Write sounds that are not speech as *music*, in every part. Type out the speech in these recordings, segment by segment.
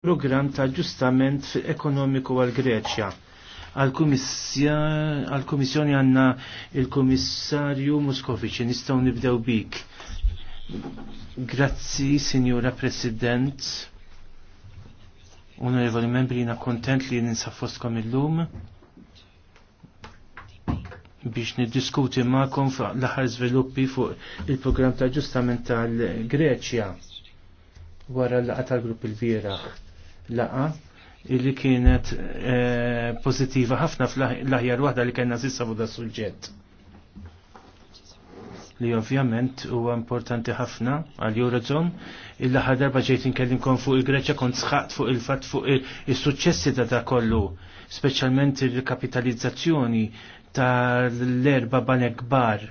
program ta' ġustament ekonomiku għal Greċja. Għal-Komissjoni għanna il-Komissarju Muskovici, nistaw nibdew bik. Grazzi, Signora President, onorevoli membri, jina kontent li ninsa fostkom il-lum biex niddiskuti ma'kom l-aħħar żviluppi fuq il-programm ta' ġustament tal-Greċja wara l-laqa tal-grupp il-bieraħ laqa illi kienet e, eh, pozittiva ħafna fl-aħjar waħda li kena zissa buda suġġett. Li ovvjament huwa importanti ħafna għal Eurozone il ħadar darba ġejt inkellimkom fuq il-Greċja kont sħaqt fuq il-fatt fuq il-suċċessi ta' da kollu, speċjalment il-kapitalizzazzjoni tal-erba banek kbar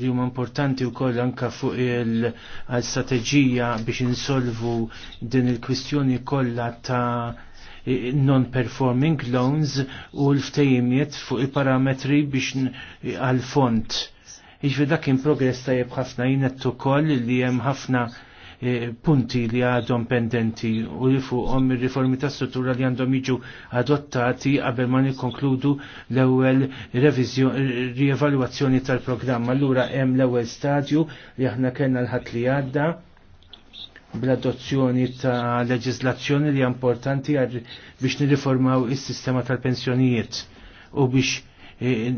li huma importanti wkoll anka fuq il-strateġija biex insolvu din il-kwistjoni kollha ta' non-performing loans u l-ftejimiet fuq il-parametri biex għal-font. Iġvi dak kien progress tajjeb ħafna jinnet ukoll li hemm ħafna punti li għadhom pendenti u li fuqhom ir-riformi ta' struttura li għandhom jiġu adottati qabel ma nikkonkludu l-ewwel rievalwazzjoni tal-programm. Allura hemm l-ewwel stadju li aħna kellna l-ħadd li għadda bl-adozzjoni ta' leġislazzjoni li importanti għad biex nirriformaw is-sistema tal-pensjonijiet u biex e,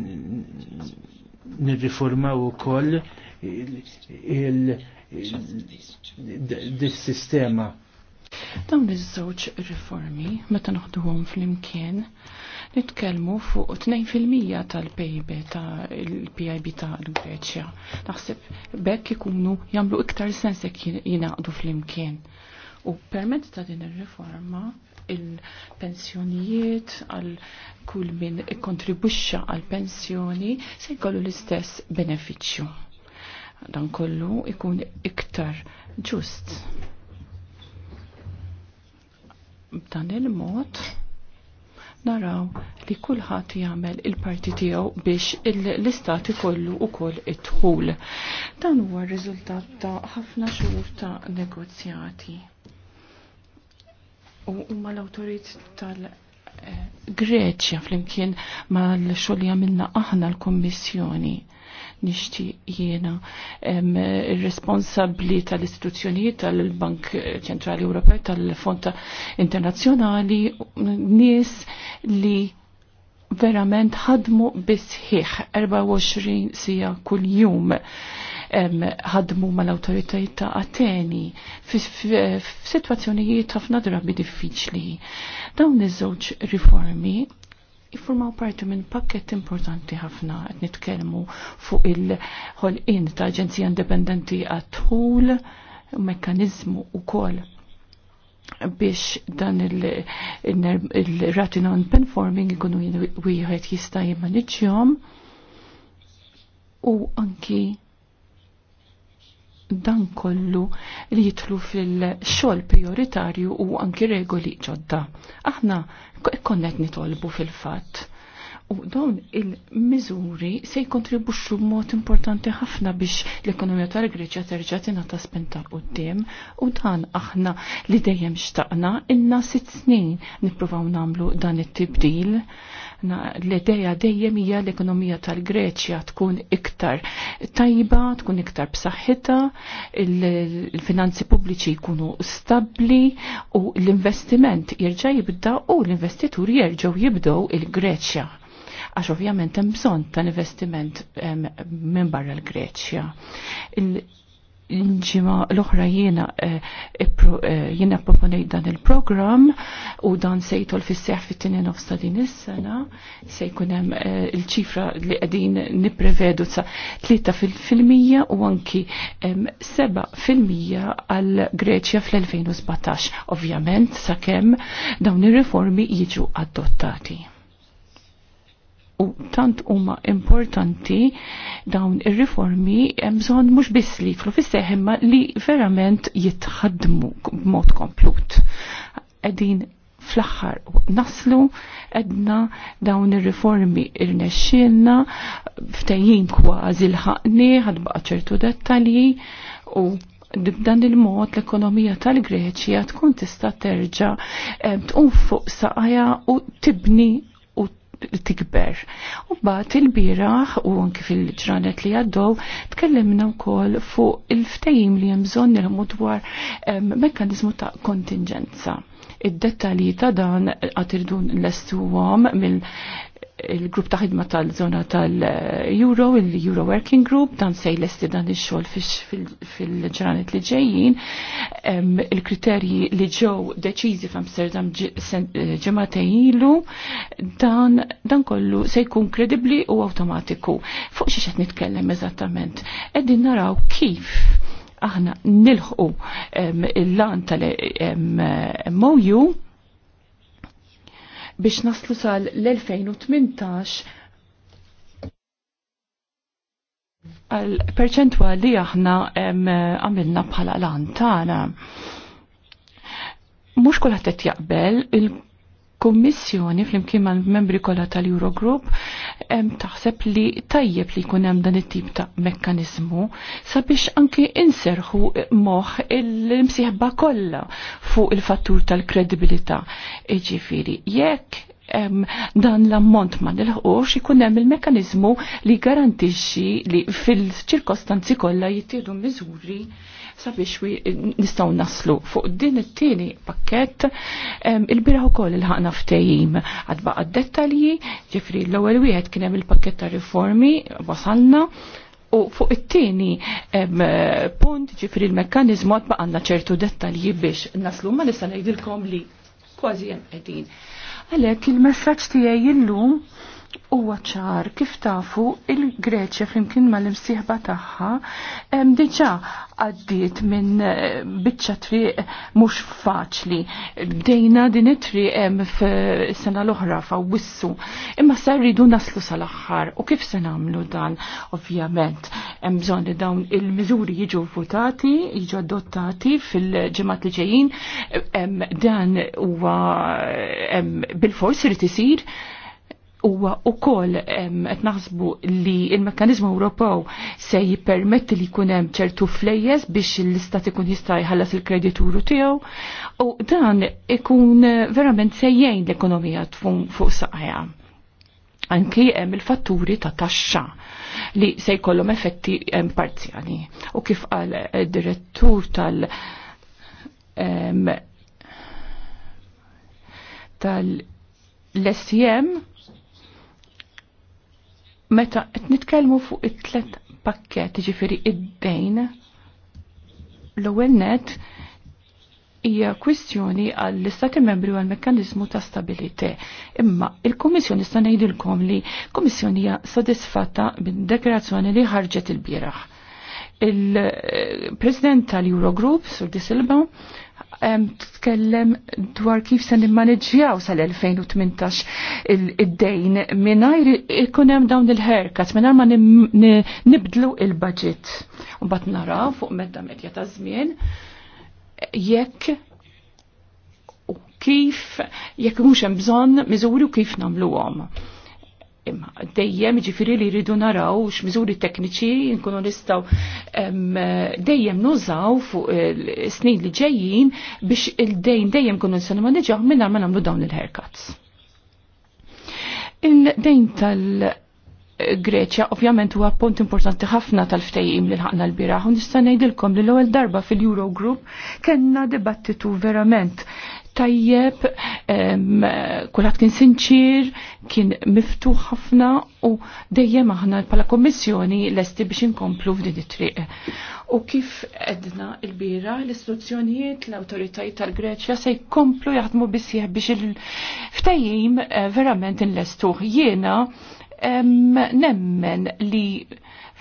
nirriformaw ukoll il-, il dis-sistema. Dan biż-żewġ riformi, meta naħduhom fl-imkien, nitkellmu fuq 2% tal-PIB ta' il-PIB ta' l-Greċja. Naħseb bekk ikunu jagħmlu iktar sens jekk jingħaqdu fl-imkien. U permezz ta' din ir-riforma il-pensjonijiet għal kull min kontribuxxa għal pensjoni se jkollu l-istess benefiċċju dan kollu ikun iktar ġust. B'dan il-mod naraw li kulħadd jagħmel il-parti tiegħu biex l istati kollu wkoll idħul. Dan huwa r-riżultat ta' ħafna xhur ta' negozjati. U huma l-awtorit tal- eh, Greċja flimkien mal-xogħol minna aħna l-Kummissjoni nixti jiena il-responsabli tal-istituzzjonijiet tal-Bank Ċentrali Ewropej, tal-Fonta Internazzjonali nies li verament ħadmu bisħiħ 24 sija kull jum ħadmu mal-autoritajiet ta' Ateni f'sitwazzjonijiet ħafna drabi diffiċli. Dawn iż-żewġ riformi jiffurmaw parti minn pakket importanti ħafna qed nitkellmu fuq il-ħolqien ta' Aġenzija Indipendenti għat-tħul, mekkaniżmu wkoll biex dan il-rati il non-performing ikunu wieħed jista' jimmaniġġjhom u anki dan kollu li jitlu fil-xol prioritarju u anki regoli ġodda. Aħna konnet nitolbu fil-fat U dawn il-miżuri se jkontribuxxu b'mod importanti ħafna biex l-ekonomija tal-Greċja terġa' tingħata spinta quddiem u dan aħna li dejjem xtaqna inna sitt snin nippruvaw nagħmlu dan it-tibdil. L-idea dejjem hija l-ekonomija tal-Greċja tkun iktar tajba, tkun iktar b'saħħitha, il-finanzi pubbliċi jkunu stabbli u l-investiment jerġa' jibda u l-investituri jerġgħu jibdew il-Greċja għax ovvjament hemm bżonn ta' investiment minn barra l-Greċja. Ġima l-oħra jiena eh, eh, jiena proponejt dan il-programm u dan sejtol fis-seħ fit-tieni nofs ta' din is-sena se jkun hemm eh, il-ċifra li qegħdin nipprevedu sa tlieta fil-mija u anki seba' fil-mija għal Greċja fl-2017. Ovvjament sakemm dawn ir-riformi jiġu adottati u tant huma importanti dawn ir-riformi hemm bżonn mhux biss li jidħlu fis li verament jitħaddmu b'mod komplut. Qegħdin fl u naslu edna dawn ir-riformi irnexxielna ftejjin kważi l-ħaqni ħadbaqa ċertu dettalji u b'dan il-mod l-ekonomija tal-Greċja tkun tista' terġa' tqum fuq saqajja u tibni tikber. U bat il-biraħ u anki fil-ġranet li għaddow, tkellimna wkoll fuq il-ftejim li jemżon nilmu dwar mekanizmu ta' kontingenza. Id-dettalji ta' dan għatirdun l-estuwom mill il-grupp ta' ħidma tal-zona tal-Euro, il-Euro Working Group, dan sej l-esti dan il-xol fil-ġranet li ġejjin. Il-kriterji li ġew deċizi f'Amsterdam ġemate ilu, dan, kollu se jkun kredibli u automatiku. Fuq xiex qed nitkellem eżattament. Eddin naraw kif aħna nilħu il-lan tal-MOU biex naslu sal l-2018 għal perċentual li aħna għamilna bħala l-antana. Mux kullħat jaqbel, il il-Kummissjoni fl-imkien ma' membri kollha tal-Eurogroup taħseb li tajjeb li jkun hemm dan it-tip ta' mekkanizmu sabiex anki inserħu moħ il msiħba kollha fuq il-fattur tal-kredibilità. Ġifieri, jekk dan l-ammont ma nilħqux ikun hemm il-mekkaniżmu li garantixxi li fil-ċirkostanzi kollha jittieħdu miżuri sabiex nistaw naslu fuq din it-tieni pakket il biraħu ukoll il-ħaqna ftehim għad dettalji ġifri l-ewwel wieħed kien hemm il-pakket ta' riformi wasalna u fuq it-tieni punt ġifri l mekkaniżmu għadbaq għandna ċertu dettalji biex naslu ma nista' ngħidilkom li kważi hemm qegħdin. Għalhekk il-messaġġ tiegħi llum huwa ċar kif tafu il-Greċja flimkien mal-imsieħba tagħha diġà għaddiet minn biċċa triq mhux faċli. Bdejna din it-triq hemm f'sena l-oħra f'Awwissu. Imma sa rridu naslu sal-aħħar u kif se nagħmlu dan ovvjament hemm bżonn li dawn il-miżuri jiġu votati, jiġu adottati fil-ġimgħat li ġejjin dan huwa bil-fors irid isir huwa ukoll qed naħsbu li il-mekkaniżmu Ewropew se jippermetti li jkun hemm ċertu flejjes biex l-istat ikun jista' jħallas il-kredituru tiegħu u dan ikun verament se jgħin l-ekonomija tfun fuq saqajja. Anki hemm il-fatturi ta' taxxa li se jkollhom effetti parzjali. U kif qal direttur tal- tal l-STM Meta qed nitkellmu fuq it-tlet pakket, ġifieri id-dejn, l-ewwel net hija kwistjoni għall istati membri u għall-mekkanizmu ta' stabilità. Imma il-Kummissjoni sta ngħidilkom li Kummissjoni hija sodisfatta minn deklarazzjoni li ħarġet il-bieraħ. Il-President tal-Eurogroup, Sur Di Silba, tkellem dwar kif se nimmaneġġjaw sal-2018 id-dejn mingħajr ikun hemm dawn il herkat mingħajr ma nibdlu il-budget. U bat naraw fuq medda medja ta' żmien jekk u kif jekk mhux hemm bżonn miżuri u kif nagħmluhom imma dejjem ġifiri li rridu naraw x'miżuri tekniċi nkunu nistgħu dejjem nużaw fuq eh, snin li ġejjin biex il-dejn dejjem kunu nistgħu maneġaw minna ma nagħmlu dawn il-haircuts. Il-dejn tal- Greċja ovvjament huwa punt importanti ħafna tal-ftejim li ħaqna l-biraħ u nista' ngħidilkom li l-ewwel darba fil-Eurogroup kellna dibattitu verament tajjeb, kulħadd kien sinċir, kien miftuħ ħafna u dejjem aħna bħala kommissjoni lesti biex inkomplu f'din it-triq. U kif edna il-bira l istruzzjonijiet l-autoritajiet tal-Greċja se jkomplu jaħdmu bisieħ biex il-ftajim eh, verament inlestuħ. Jiena nemmen li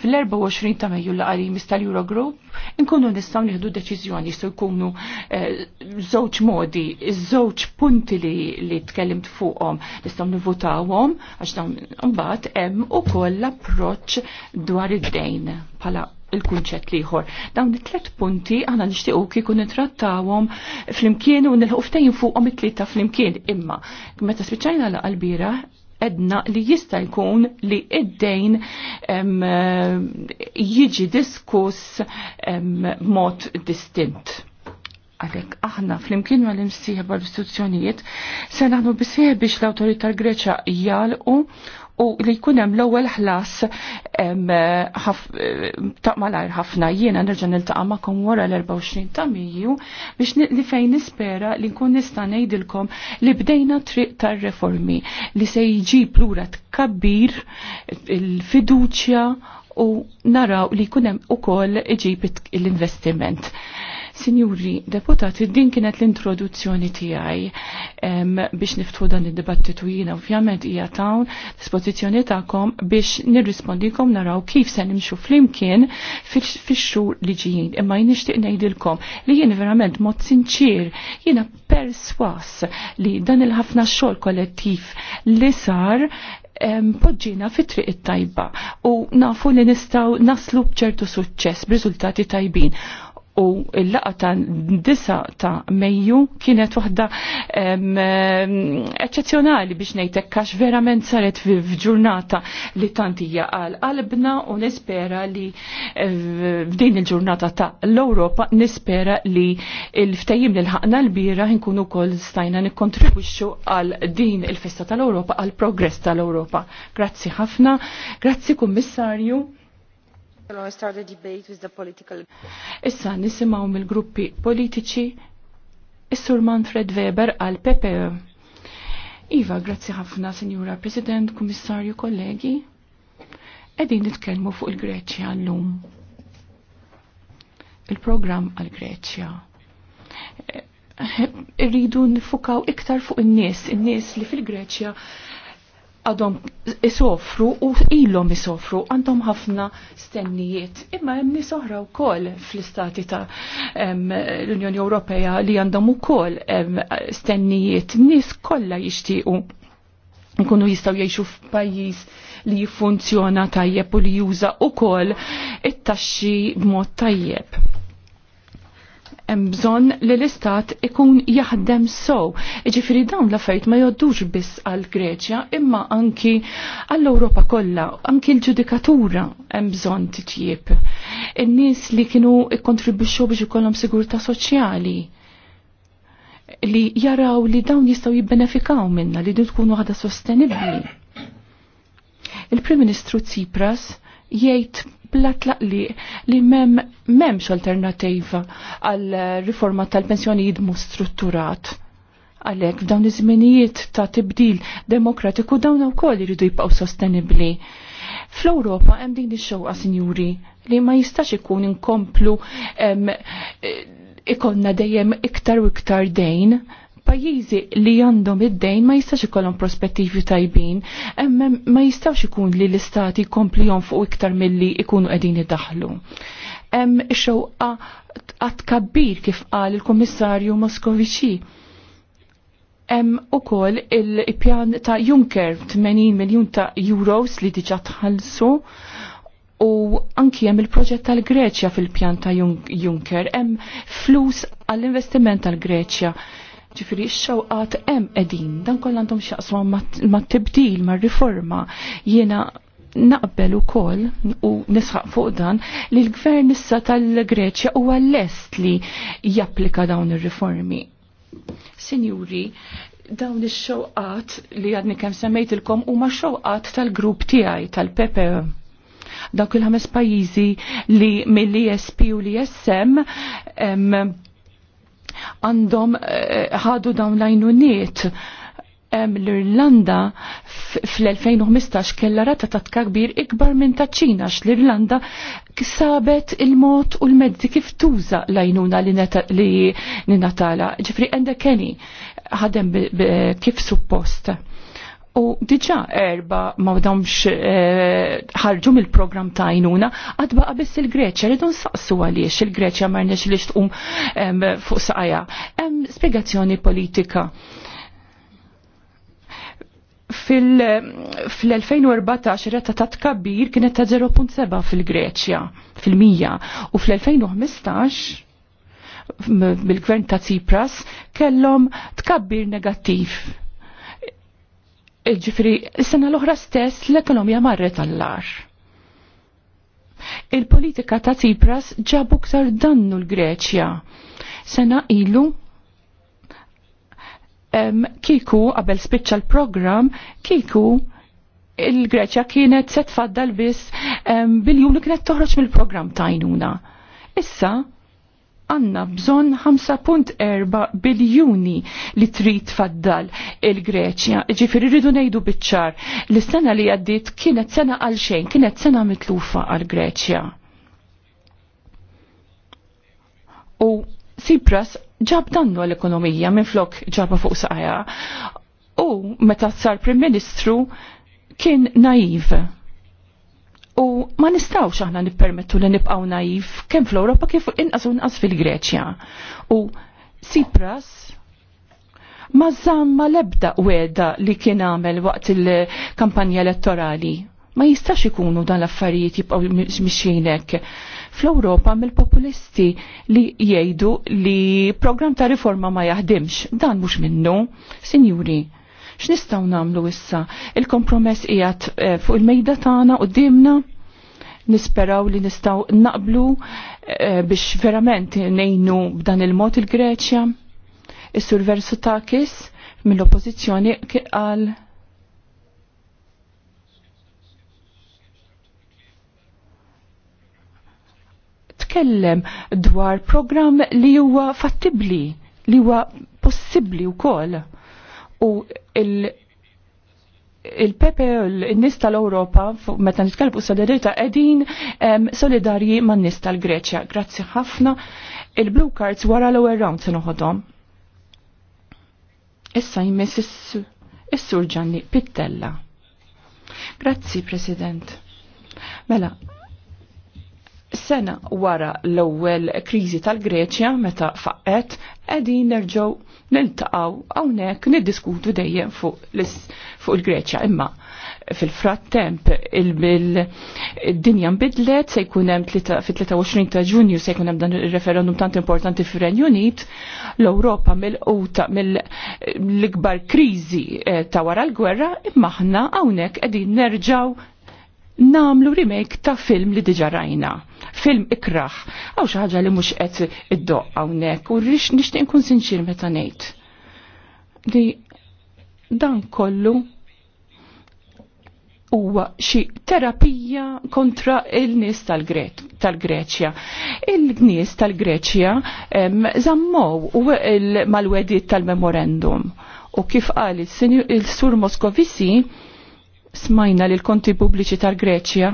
fl-24 ta' Mejju l-qarimis tal-Eurogroup inkunu nistgħu nieħdu deċiżjoni se jkunu eh, żewġ modi, żewġ punti li li tkellimt fuqhom nistgħu nivutawhom għax dawn imbagħad hemm ukoll l-approċċ dwar id-dejn bħala il-kunċett liħor. Dawn it-tlet punti għana nishtiqu kiku nitrattawhom fl-imkien u nil-ħuftajn fuqhom it-tlieta fl-imkien imma. Meta spiċċajna l qalbira edna li jista' jkun li id-dejn jiġi diskuss mod distint. Għalek, aħna fl-imkien ma l-imsieħba bħal istituzzjonijiet se naħdu biex l l Greċa jgħalqu u li jkun hemm l-ewwel ħlas ta' malajr ħafna jiena nerġa' niltaqa' magħkom wara l-24 ta' Mejju biex li fejn nispera li nkun nista' ngħidilkom li bdejna triq tar-reformi li se jġib lura tkabbir il-fiduċja u naraw li jkun hemm ukoll iġib l-investiment. Sinjuri, deputati, din kienet l-introduzzjoni tiegħi biex niftħu dan id-dibattitu jiena ovvjament hija tawn dispożizzjoni tagħkom biex nirrispondikom naraw kif se nimxu flimkien fix-xhur li Imma jien nixtieq ngħidilkom li jien verament mod sinċir jiena perswas li dan il-ħafna xogħol kollettiv li sar poġġina fit triq it-tajba u nafu li nistaw naslu bċertu suċċess b'riżultati tajbin u l-laqa ta' disa ta' Mejju kienet waħda eccezzjonali biex ngħidlek għax verament saret f'ġurnata li tantija għal qalbna u nispera li f'din il-ġurnata ta' l-Ewropa nispera li l ftajim li l ħakna l-bira nkunu kol stajna nikkontribwixxu għal din il-festa tal-Ewropa għal progress tal-Ewropa. Grazzi ħafna, grazzi kummissarju start debate with the political... Issa nisimaw mill-gruppi politiċi Is-Sur Manfred Weber għal PPE. Iva, grazzi ħafna, Signora President, Kummissarju, kollegi. Edin nitkellmu fuq il-Greċja l-lum. Il-programm għal-Greċja irridu eh, eh, nifukaw iktar fuq in-nies, in-nies li fil-Greċja għadhom isofru u ilhom isofru għandhom ħafna stennijiet. Imma hemm nies oħra wkoll fl-istati ta' l-Unjoni Ewropea li għandhom ukoll stennijiet. Nies kollha jixtiequ nkunu jistgħu jgħixu f'pajjiż li jiffunzjona tajjeb u li juża ukoll it-taxxi b'mod tajjeb hemm bżonn li l-istat ikun jaħdem sow. Iġifiri dawn l fejt ma jgħoddux biss għall Greċja imma anki għall-Ewropa kollha, anki l-ġudikatura hemm bżonn titjib In-nies li kienu ikkontribwixxu biex ikollhom sigurtà soċjali li jaraw li dawn jistgħu jibbenefikaw minna li din tkun waħda sostenibbli. Il-Prim Ministru Tsipras jgħid bla tlaqli li mem memx alternativa għal riforma tal-pensjonijiet mu strutturat. Għalek f'dawn iż-żminijiet ta' tibdil demokratiku dawn ukoll iridu jibqgħu sostenibbli. Fl-Ewropa hemm din ix-xewqa sinjuri li ma jistax ikun inkomplu eh, ikonna dejjem iktar u iktar dejn pajjiżi li għandhom id-dejn ma jistax ikollhom prospettivi tajbin, imma ma jistax ikun li l-istati jkomplihom fuq iktar milli ikunu qegħdin idaħlu. Hemm xewqa qatt kabbir kif qal il-Kummissarju Moskoviċi. Hemm ukoll il-pjan ta' Juncker 80 miljun ta' euros li diġà tħallsu u anki hemm il-proġett tal-Greċja fil-pjan ta' Juncker, hemm flus għall-investiment tal-Greċja ġifiri x-xawqat em edin, dan kollantum xaqsma mat-tibdil, mat-riforma, jena naqbel u kol u nisħaq fuq dan li l-gvern issa tal-Greċja u għall-est li japplika dawn ir-riformi. Sinjuri, dawn ix-xewqat li għadni kemm semmejtilkom huma xewqat tal-grupp tiegħi tal-PPE dawk il-ħames pajjiżi li mill isp u l-ISM għandhom eh, ħadu dawn l-għajnuniet l-Irlanda fl-2015 kella rata ta' tkabbir ikbar minn ta' ċina x l-Irlanda sabet il-mod u l-mezzi kif tuża lajnuna li ninatala. Ġifri, enda Kenny ħadem kif suppost. U diġa erba ma domx eh, ħarġu mill-program ta' jnuna, għadba għabess il-Greċja, rridu nsaqsu għaliex il-Greċja marnex li xtqum fuq saqja. Hemm spiegazzjoni politika. Fil-2014 rata ta' tkabbir kienet ta' 0.7 fil-Greċja, fil-100, u fil-2015 bil-gvern ta' Tsipras kellhom tkabbir negattiv ġifri, s-sena l-oħra stess l-ekonomija marret għallar. Il-politika ta' Tsipras ġabu ktar dannu l-Greċja. Sena ilu em, kiku qabel spiċċa l-program, kiku il-Greċja kienet se tfaddal biss biljun li kienet toħroġ mill-program tajnuna. Issa, għanna bżon 5.4 biljuni li trid faddal il-Greċja. Ġifiri rridu nejdu bitċar. s sena li għaddit kienet sena għal xejn, kienet sena mitlufa għal Greċja. U Sipras ġab dannu l ekonomija minn flok ġaba fuq saħja. U meta sar Prim Ministru kien naiv U ma nistawx aħna nippermettu li nibqaw naif kemm fl-Ewropa kif inqas u inqas fil-Greċja. U Tsipras ma zamma lebda weda li kien għamel waqt il-kampanja elettorali. Ma jistax ikunu dan l-affarijiet jibqaw mixienek. Fl-Ewropa mill-populisti li jgħidu li program ta' riforma ma jaħdimx. Dan mhux minnu, sinjuri X'nistgħu nagħmlu issa? Il-kompromess qiegħed eh, fuq il-mejda tagħna qudiemna nisperaw li nistgħu naqblu eh, biex verament nejnu b'dan il-mod il-Greċja. Is-Sur takis mill-oppożizzjoni qal Tkellem dwar program li huwa fattibli, li huwa possibbli wkoll. U il- il-Pepe, il-nis tal-Europa, meta nitkellmu solidarita, edin solidarji man nis tal-Greċja. Grazzi ħafna. Il-Blue Cards wara l-ewwel round se noħodhom. Issa jmiss is-Sur Gianni Pittella. Grazzi, President. Mela, sena wara l-ewwel kriżi tal-Greċja meta faqqet qegħdin nerġgħu niltaqgħu hawnhekk niddiskutu dejjem fuq il-Greċja. Imma fil frattemp il-dinja mbidlet se jkun hemm fit-23 ta' Ġunju se jkun hemm dan ir-referendum tant importanti fir-Renju Unit l-Ewropa mill-quta mill-ikbar kriżi eh, ta' wara l-gwerra imma aħna hawnhekk qegħdin nerġgħu namlu remake ta' film li diġa rajna. Film ikraħ. Għaw xaħġa li mux qed id-doq għawnek u rrix nishtiq nkun sinċir meta ngħid. Li dan kollu huwa xi terapija kontra il-nies tal-Greċja. Il-nies tal-Greċja zammow mal-wedit tal-memorandum u kif qal il-Sur Moskovici smajna li l-konti pubbliċi tal-Greċja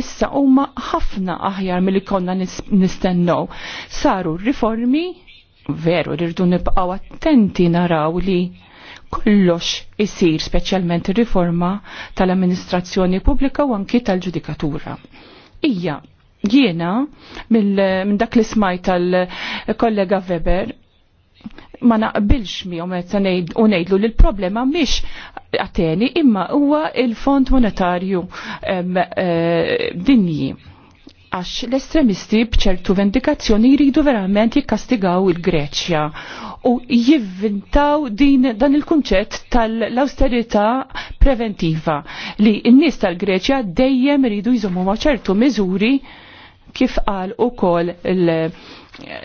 issa huma ħafna aħjar mill konna nistennow. Saru riformi, veru rridu nibqgħu attenti naraw li kollox isir speċjalment riforma tal-amministrazzjoni pubblika u anki tal-ġudikatura. Ija, jiena minn dak li smajt tal-kollega Weber ma naqbilx mi u meta ngħidlu li l-problema mhix Ateni imma huwa il-Fond Monetarju eh, Dinji għax l-estremisti bċertu vendikazzjoni jridu verament jikkastigaw il-Greċja u jivvintaw din dan il-kunċett tal austerita preventiva li n-nies tal-Greċja dejjem jridu jizomu maċertu ċertu miżuri kif qal ukoll il-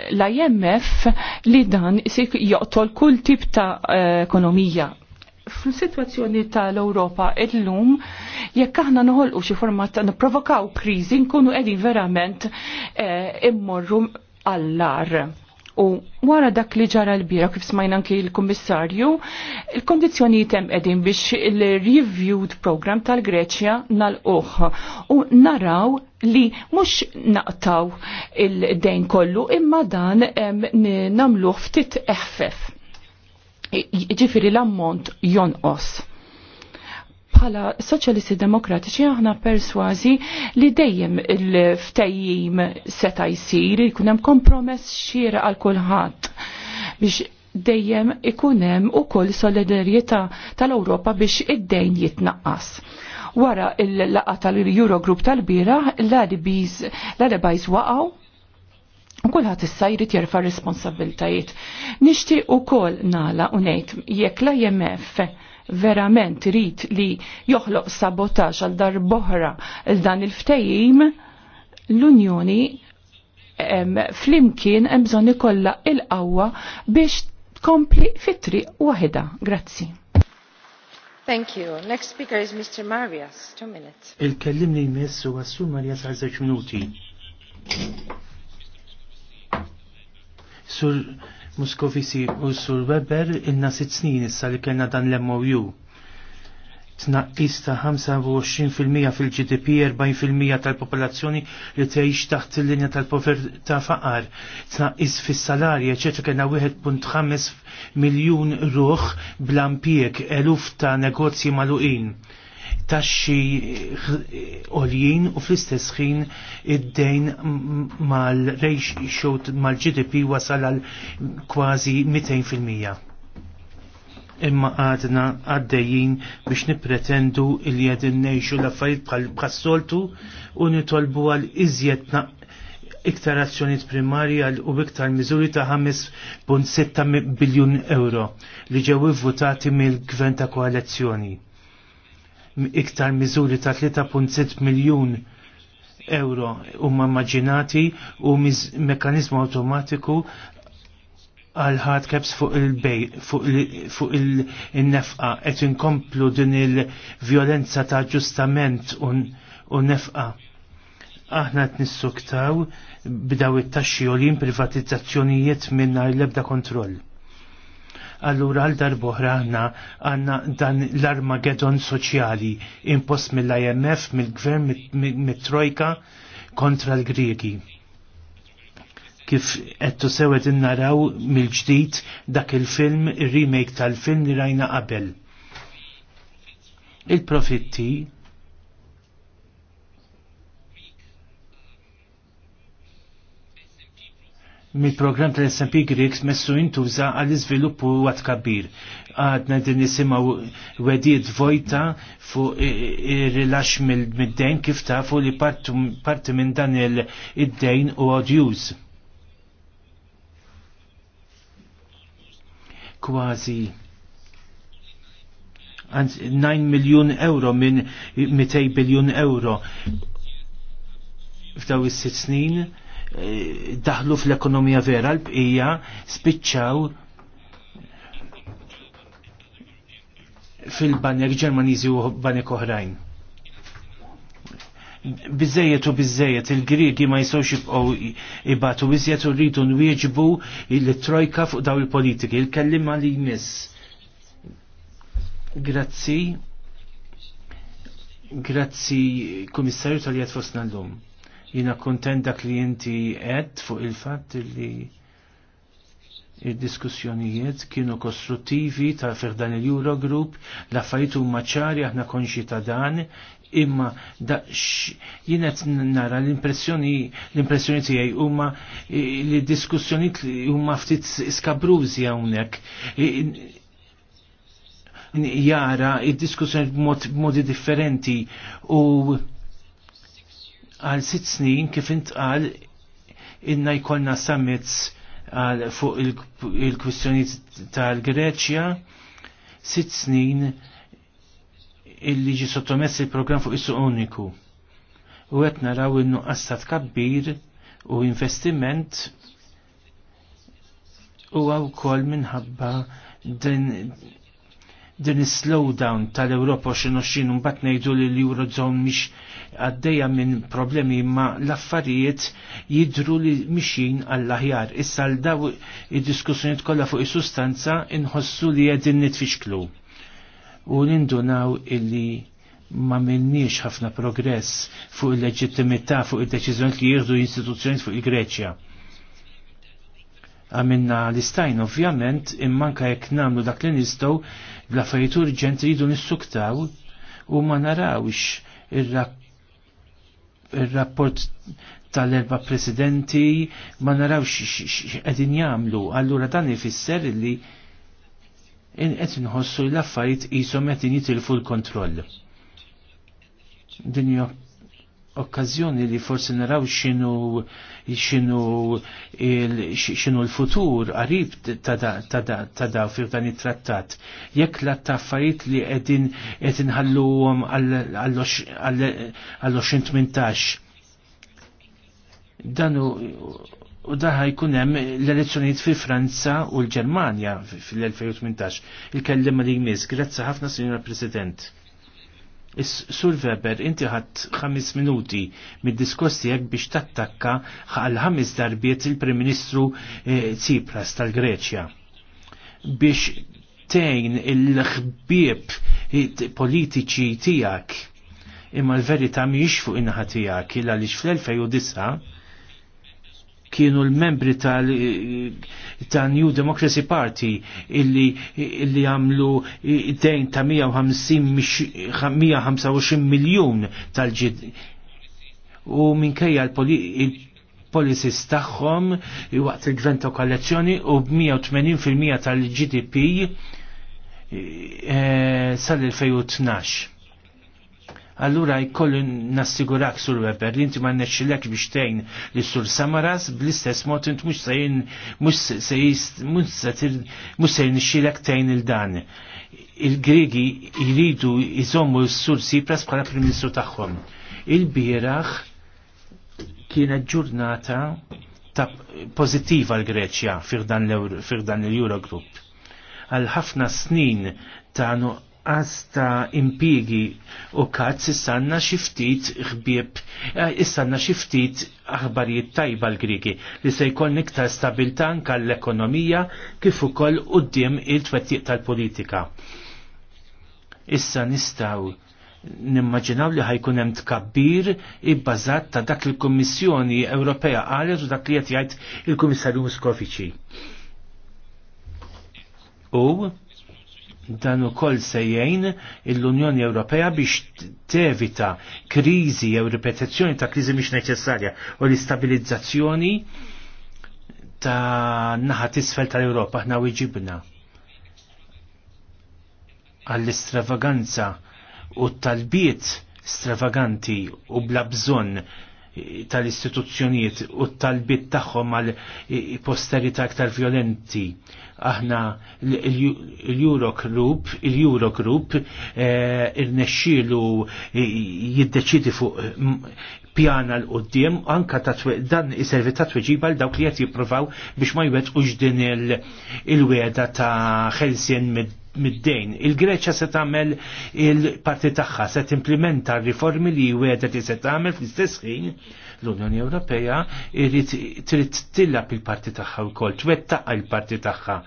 l-IMF li dan joqtol kull tip ta' ekonomija fil-situazzjoni tal-Europa illum, jekk aħna noħolqu xi format ta' nipprovokaw kriżi, nkunu qegħdin verament eh, immorru għallar. U wara dak li ġara l-bira kif smajna anki l-Kummissarju, il-kondizjoni jitem edin biex il-reviewed program tal-Greċja nal-uħ u naraw li mux naqtaw il-dejn kollu imma dan namluħ ftit eħfef. Ġifiri l-ammont jonqos bħala soċjalisti demokratiċi aħna perswazi li dejjem il-ftejjim seta jisir, jkun hemm kompromess xira għal kulħadd biex dejjem ikun hemm ukoll solidarieta tal-Ewropa biex id-dejn jitnaqqas. Wara il laqqa tal-Eurogroup tal-bira, l-Arabis waqaw, u kullħat issa jrid jerfa' responsabiltajiet. Nixtieq ukoll nala u ngħid jekk l-IMF verament rrit li joħloq sabotaġ għal dar boħra l dan il-ftejim, l-Unjoni flimkien hemm bżonn ikollha il-qawwa biex tkompli fit-triq waħda. Grazzi. Thank you. Next speaker is Mr. Marias. Two minutes. il kellimni li jmessu għassu Marias għazzaċ minuti. Sur Muscovici u Sur Weber inna sitt snin issa li kellna dan l-MOU. Tnaqqis ta' 25% fil-GDP, 40% tal-popolazzjoni li tgħix taħt il-linja tal poverta faqar. Tnaqqis fis-salarji, eċetera kellna 1.5 miljun ruħ bl-ampjek eluf ta' negozji maluqin taxxi oljin u fl-istess ħin id-dejn mal xot mal-GDP wasal għal kważi 200%. Imma għadna għaddejjin biex nipretendu il jedin nejxu l-affarijiet bħal-soltu u nitolbu għal iżjed iktar azzjoniet primarji għal u iktar miżuri ta' 5.6 biljun euro li ġew votati mill-gvern ta' koalizzjoni iktar miżuri ta' 3.6 miljun euro huma maġinati u mekanizmu automatiku għal hardcaps fuq il-bej, fuq il-nefqa, et inkomplu din il-violenza ta' ġustament u nefqa. Aħna t-nissuktaw bidaw it-taxxi u privatizzazzjonijiet minna l-ebda kontroll allura għal darbohra ħna għanna dan l-Armageddon soċjali impost mill-IMF, mill-Gvern, mit-Trojka kontra l-Griegi. Kif qed sewed innaraw mill-ġdid dak il-film, il-remake tal-film li rajna qabel. Il-profitti mill-programm tal-SMP Greeks messu intuża għall iżviluppu għad kabir. Għadna din nisimaw wedijiet vojta fuq rilax mid-dejn kif tafu li parti minn dan il-dejn u odjuż. Kważi 9 miljon euro minn 200 biljon euro f'daw is-sitt snin daħlu fl-ekonomija vera l-bqija spiċċaw fil-banek ġermaniżi u banek oħrajn. Bizzejiet u bizzejiet, il griegi ma jistawx jibqgħu ibatu biżjed u rridu nwieġbu il-trojka fuq daw il-politiki, il-kellima li jmiss. Grazzi, grazzi Kummissarju tal-jad fosna l-lum jina kontent dak li jinti għed fuq il-fat li il-diskussjonijiet kienu kostruttivi ta' ferdan il-Eurogroup, fajtu maċari aħna konxi ta' dan, imma jienet nara l-impressjoni l-impressjoni tiegħi huma li diskussjonijiet huma ftit skabrużi hawnhekk jara il diskussjoni b'modi differenti u għal sitt snin kif intqal inna jkollna summits għal fuq il-kwistjoni il kwistjoni tal greċja sitt snin illi ġi sottomess il program fuq is uniku. U qed naraw in-nuqqas ta' tkabbir u investiment u wkoll minħabba din din is-slowdown tal-Ewropa xinu mbagħad ngħidu li l-Eurozone mhix għaddejja minn problemi ma l-affarijiet jidru li mixin għall-aħjar. Issa l daw id-diskussjonijiet kollha fuq is-sustanza inħossu li qegħdin nitfixklu. U nindunaw illi ma minniex ħafna progress fuq il-leġittimità fuq id-deċiżjonijiet li jieħdu l-istituzzjonijiet fuq il-Greċja għamilna l-istajn ovvjament immanka jekk namlu dak li nistgħu bla fejt urġenti ridu nissuktaw u ma narawx ir-rapport tal-erba presidenti ma narawx għedin jagħmlu. Allura dan ifisser li in qed inħossu l-affarijiet qishom qed jitilfu l-kontroll. Din okkażjoni li forsi naraw xinu xinu xinu l-futur qarib ta' daw fi dan it-trattat. Jekk la taffariet li qegħdin qed inħalluhom għall-2018. Dan u daħħa jkun hemm l-elezzjonijiet fi Franza u l-Ġermanja fil-2018. Il-kellima li jmiss, grazzi ħafna, Signora President. Sur Weber, inti ħadd ħames minuti mid-diskors tiegħek biex tattakka għal ħames darbiet il-Prim Ministru eh, Tsipras tal-Greċja biex tejn il-ħbieb politiċi tiegħek imma l-verità mhijiex fuq in-naħa tiegħek il għaliex fl-2009 kienu l-membri tal ta' New Democracy Party illi illi għamlu dejn ta' 155 miljon tal-ġid u minkejja policies tagħhom waqt il-gvern ta' kollezzjoni u b-180% tal-GDP eh, sal-2012 allura jkollu nassigurak sur Weber li inti ma nnexxilek biex tgħin li sur Samaras bl-istess mod int mhux se mhux se mhux se nixxilek tgħin il dan. Il-Griegi jridu jżommu s-sur Sipras bħala prim-ministru tagħhom. Il-bieraħ kienet ġurnata ta' pozittiva l-Greċja fir dan l-Eurogroup. Għal ħafna snin ta' għasta impigi u kazz issanna xiftit ħbieb, eh, issanna xiftit aħbarijiet tajba l-Griki li se jkoll niktar stabilta anka l-ekonomija kif ukoll qudiem il-twettiq tal-politika. Issa nistaw nimmaġinaw li ħajkun hemm tkabbir ibbażat ta' dak il-Kummissjoni Ewropea qalet u dak li qed jgħid il-Kummissarju Muskoviċi. U dan ukoll sejjajn l-Unjoni Ewropea biex tevita kriżi jew ripetizzjoni ta' kriżi mhix neċessarja u l-istabilizzazzjoni ta' naħa tisfel tal-Ewropa ħna wieġibna għall-istravaganza u tal-biet stravaganti u bla bżonn tal-istituzzjonijiet u tal-bit tagħhom għal posterità aktar violenti aħna l-Eurogroup, il-Eurogroup eh, irnexxielu eh, jiddeċidi fuq mm, pjana l-qoddim anka ta' dan iservi ta' tweġiba l-dawk li qed jippruvaw biex ma jwettqux din il-weda ta' ħelsien mid-dejn. il greċa se tagħmel il-parti tagħha se r riformi li wedet li se tagħmel fl-istess ħin L-Unjoni Ewropea trid tilla il-parti tagħha wkoll, twettaq il-parti tagħha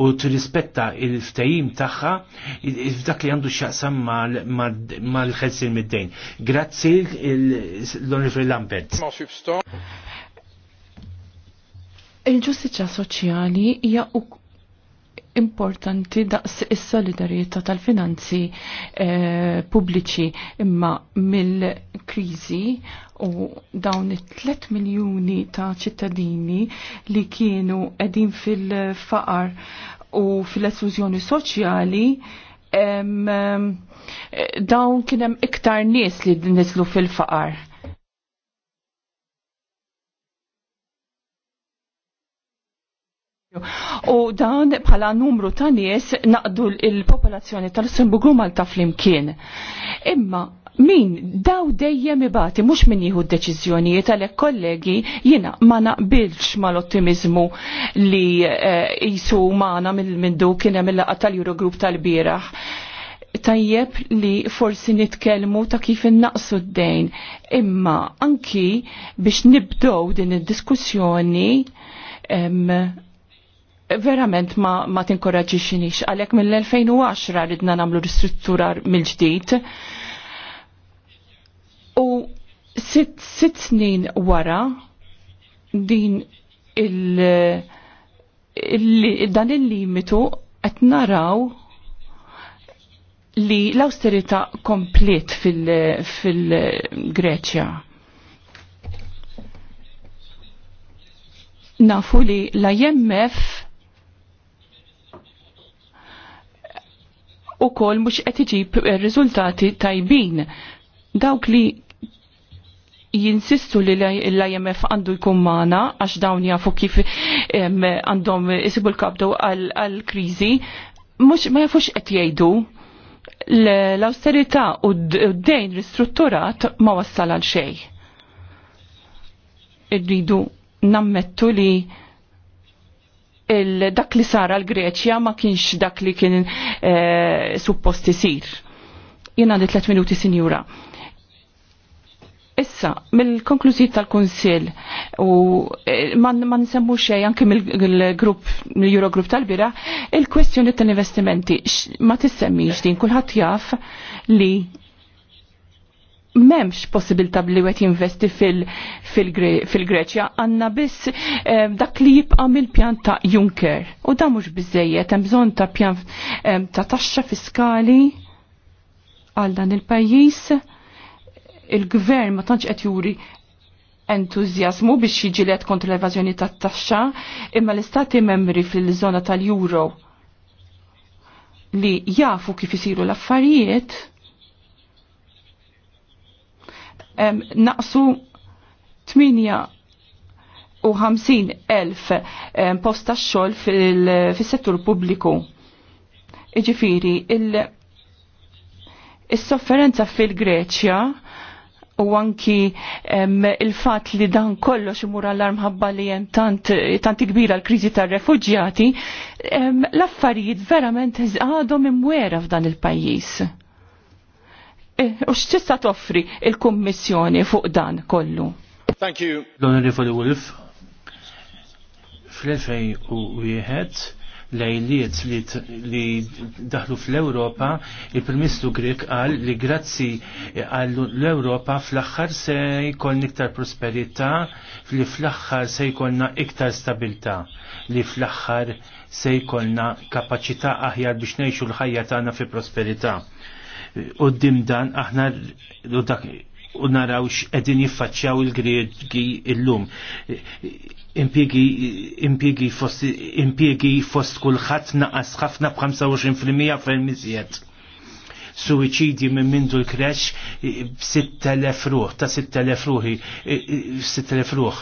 u tirrispetta il-ftehim tagħha f'dak li għandu x'jaqsam mal ħelsin mid-dejn. Grazzi l onifri Lambert. il ġustiċċa soċjali hija importanti daqs is-solidarieta tal-finanzi eh, pubbliċi imma mill-kriżi u dawn it-3 miljuni ta' ċittadini li kienu qegħdin fil-faqar u fil-esklużjoni soċjali eh, dawn kien hemm iktar nies li nislu fil-faqar U dan bħala numru ta' nies naqdu il-popolazzjoni tal Gumal Malta flimkien. Imma min daw dejjem ibati mhux min jieħu d-deċiżjonijiet għalhekk kollegi jiena ma naqbilx mal-ottimizmu li jisu eh, magħna minn du kien hemm il-laqgħa tal-Eurogroup tal-bieraħ tajjeb li forsi nitkelmu ta' kif innaqsu d-dejn. Imma anki biex nibdow din id-diskussjoni verament ma, ma xinix, għalek mill-2010 ridna namlu ristruttura mill-ġdid u sitt sit snin wara din il, il dan il-limitu qed naraw li l-austerita komplet fil-Greċja. Fil Nafu li la IMF u kol mux qed iġib eh, tajbin. Dawk li jinsistu li l-IMF għandu jkun maħna, għax dawn jafu kif għandhom isibu l-kabdu għal-krizi, mux ma jafux qed jgħidu l austerita u d-dejn ristrutturat ma wassal għal xej. Irridu nammettu li dak li sara l-Greċja ma kienx dak li kien e, suppost isir. Jien għandi tliet minuti sinjura. Issa, mill-konklużijiet tal-Kunsill u eh, ma nsemmu xej anke mill-grupp mill-Eurogrupp tal-bira, il-kwestjoni tal-investimenti ma tissemmix din kulħadd jaf li memx possibilta li għet jinvesti fil-Greċja, għanna biss ehm, dak li jibqa mill-pjan ta' Juncker. U da mux bizzejiet, hemm bżon ta' pjan ehm, ta' taxxa fiskali għal dan il-pajjiż. Il-gvern ma tantx qed juri entuzjazmu biex jiġilet kontra l-evażjoni tat-taxxa, imma l-istati membri fil-żona tal-Euro li jafu kif isiru l-affarijiet naqsu 58.000 posta xol fil-settur pubbliku. Iġifiri, il-sofferenza fil-Greċja u anki il-fat li dan kollox imur l arm ħabba li jem tant, tant kbira l-krizi tar refugjati l-affarijiet verament għadhom imwera f'dan il-pajjiż Eh, u x'tista' toffri il-Kummissjoni fuq dan kollu. Thank you. for the Wolf, fl-2001 lejliet li, li daħlu fl-Europa, il primistu Grek għal li grazzi għal l-Europa fl-axħar se jkun iktar prosperita, li fl-axħar se jkollna iktar stabilta, li fl-axħar se jkollna kapacita aħjar biex nejxu l-ħajja tagħna fi prosperità u dan aħna u dak u narawx edin jiffaċċjaw il-gregi illum. Impiegi, impiegi fost, impiegi fost kullħat naqas ħafna b'25% fil-miżjed suwiċidi minn mindu l-kreċ b-6000 ruħ, ta' 6000 ruħi, 6000 ruħ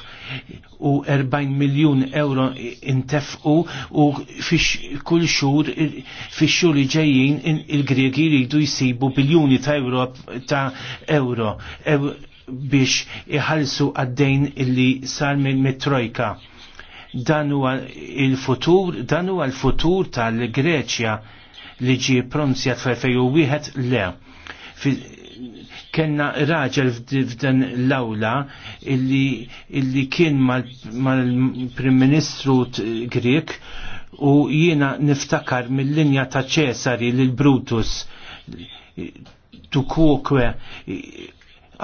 u 40 miljon euro intefqu u fix kull xur fix xur ġejjin il-Gregi jridu jisibu biljuni ta' euro ta' euro biex iħalsu għaddejn illi sar minn trojka dan huwa il-futur, dan huwa l-futur tal-Greċja li ġi pronzjat fl wieħed le. Kenna raġel f'dan l-awla illi, kien mal-Prim Ministru Grik u jiena niftakar mill-linja ta' Ċesari l Brutus tukokwe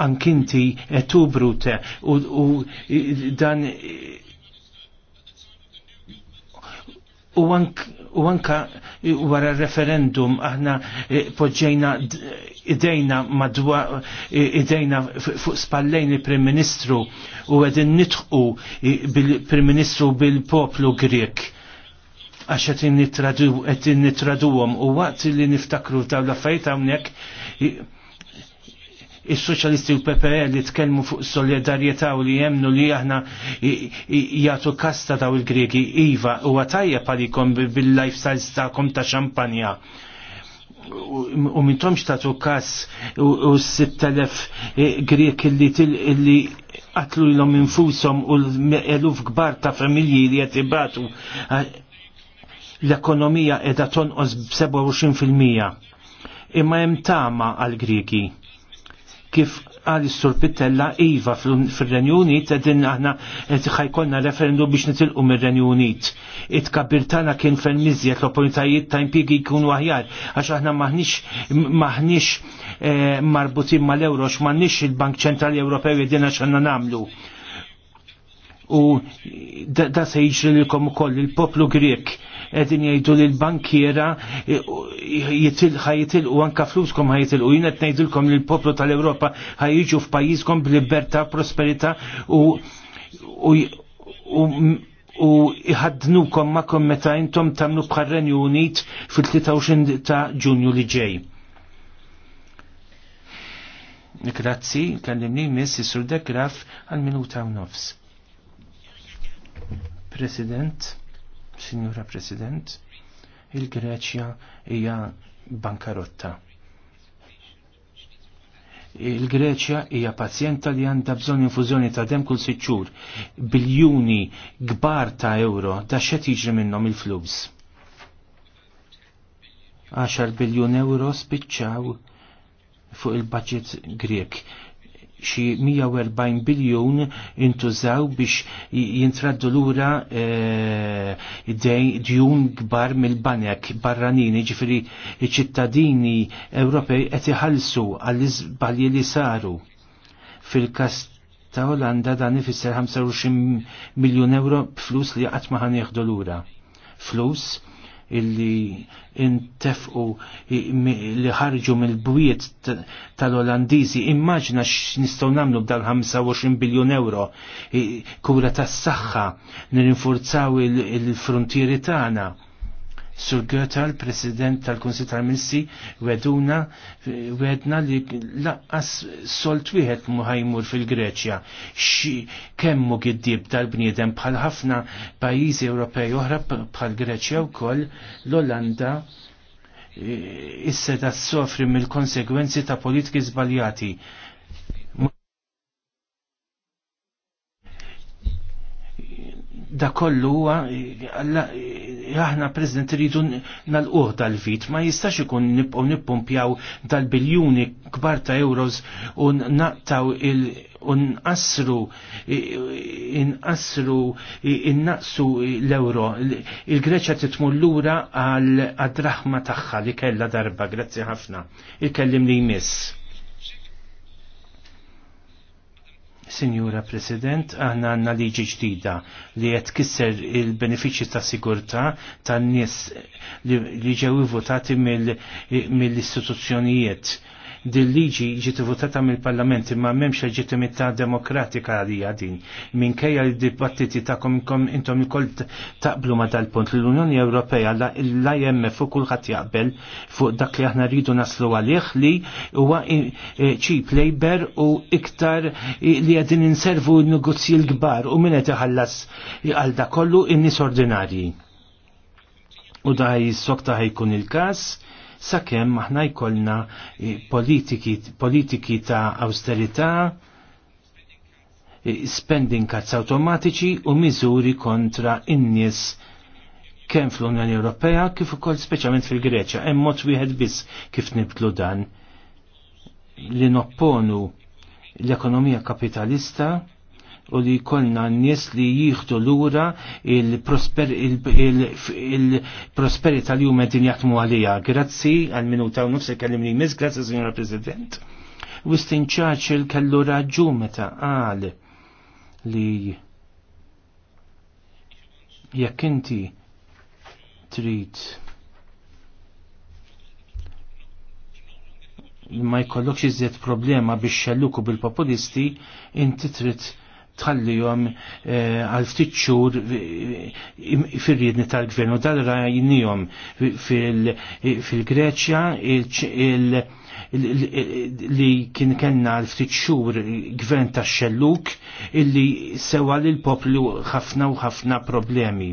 ankinti etu brute u, u dan u ank u anka wara referendum aħna e, poġġejna idejna madwa e, idejna fuq spallejn il-Prim Ministru u għedin nitħu e, bil-Prim Ministru bil-poplu Grek għax qed nittraduhom u waqt li niftakru dawn l-affarijiet hawnhekk il-soċalisti u PPE li tkellmu fuq solidarjetà u li jemnu li aħna jagħtu kasta daw il-Greki, Iva, u għatajja palikom bil-lifestyles tagħkom ta' xampanja. U mintomx tagħtu kas u s-6000 Grek li qatlu l-om infusom u l-eluf gbar ta' familji li jatibatu l-ekonomija edha tonqos b-27% imma jem tama għal-Greki kif għal sur Pittella Iva fil-Renju Unit għedin aħna ħajkonna referendum biex nitilqu mir-Renju Unit. It-kabir tagħna kien fil-mizjet l-opportunitajiet ta' impiegi jkunu aħjar għax aħna maħniex maħniex eh, marbutin mal-euro maħnix il-Bank Ċentrali Ewropew jedina x'għandna nagħmlu. U da, se jiġri lilkom ukoll il-poplu Grek għedin jgħidu li l-bankiera ħajitilqu anka fluskom ħajitilqu. Jien qed ngħidilkom li l-poplu tal-Ewropa ħajjiġu f'pajjiżkom b'libertà, prosperità u u iħadnukom ma'kom meta intom tamlu bħarren renju Unit fil-23 ta' Ġunju li ġej. Grazzi, kallimni miss Isur Degraf għal minuta u nofs. President. Signora President, il-Greċja hija bankarotta. Il-Greċja hija pazjenta li għandha bżonn infużjoni ta' dem kull sitt xhur, biljuni kbar ta' euro da xed jiġri minnhom il-flus. 10 biljun euro spiċċaw fuq il-budget Grek xi 140 biljun intużaw biex jintraddu lura eh, djun kbar mill-banek barranini ġifiri ċittadini Ewropej qed iħallsu għall-iżbalji li saru fil-kas ta' Olanda dan ifisser 25 miljun euro flus li qatt ma ħan lura. Flus illi intefqu li ħarġu mill-bwiet tal-Olandiżi. Immaġna x'nistgħu nagħmlu b'dan 25 biljun euro kura tas-saħħa nirinfurzaw il-frontieri tagħna Sur Götal, president tal-Konsil tal-Ministri, weduna, wedna li laqqas solt wieħed muħajmur fil-Greċja. Kemmu giddib tal-bniedem bħal ħafna pajjiżi Ewropej oħra bħal Greċja wkoll l-Olanda e, isseda soffri mill-konsegwenzi ta' politiki żbaljati. da kollu huwa aħna President rridu nal-uħ dal-vit, ma jistax ikun nibqgħu nippumpjaw dal-biljuni kbar ta' euros u naqtaw il- unqasru inqasru innaqsu l-euro. Il-Greċa titmullura lura għal draħma tagħha li kellha darba, grazzi ħafna. Il-kellim li jmiss. Signora President, għanna għanna liġi ġdida li qed kisser il-benefiċi ta' sigurta tan nies li ġew votati mill-istituzzjonijiet. Mil din liġi ġiet votata mill-Parlament imma m'hemmx leġittimità demokratika għalija din. Minkejja li dibattiti tagħkom intom ikoll taqblu ma dal-punt l-Unjoni Ewropea l-IMF u kulħadd jaqbel fuq dak li aħna rridu naslu għalih li huwa e, cheap labor u iktar li qegħdin inservu n-negozji l-kbar u min qed iħallas għal kollu in-nies ordinarji u da jissokta ħajkun il-kas sakemm aħna jkollna politiki, politiki ta' austerità, spending cuts automatici u miżuri kontra in-nies kemm fl-Unjoni Ewropea kif ukoll speċjalment fil-Greċja hemm mod wieħed biss kif nibtlu dan li nopponu l-ekonomija kapitalista u li konna n-nies li jieħdu lura il-prosperita li jumet din jaħdmu għalija. Grazzi għal-minuta u nufse kellimni miss, grazzi signora President. Winston Churchill kellu raġu meta qal li jekk inti trid ma jkollokx iżjed problema biex xelluku bil-populisti inti trid tħallihom eh, għal ftit xhur eh, fir-riedni tal-gvern u dal rajnihom fil-Greċja li kien kellna għal ftit xhur gvern tax-xelluk illi sewa lil poplu ħafna u ħafna problemi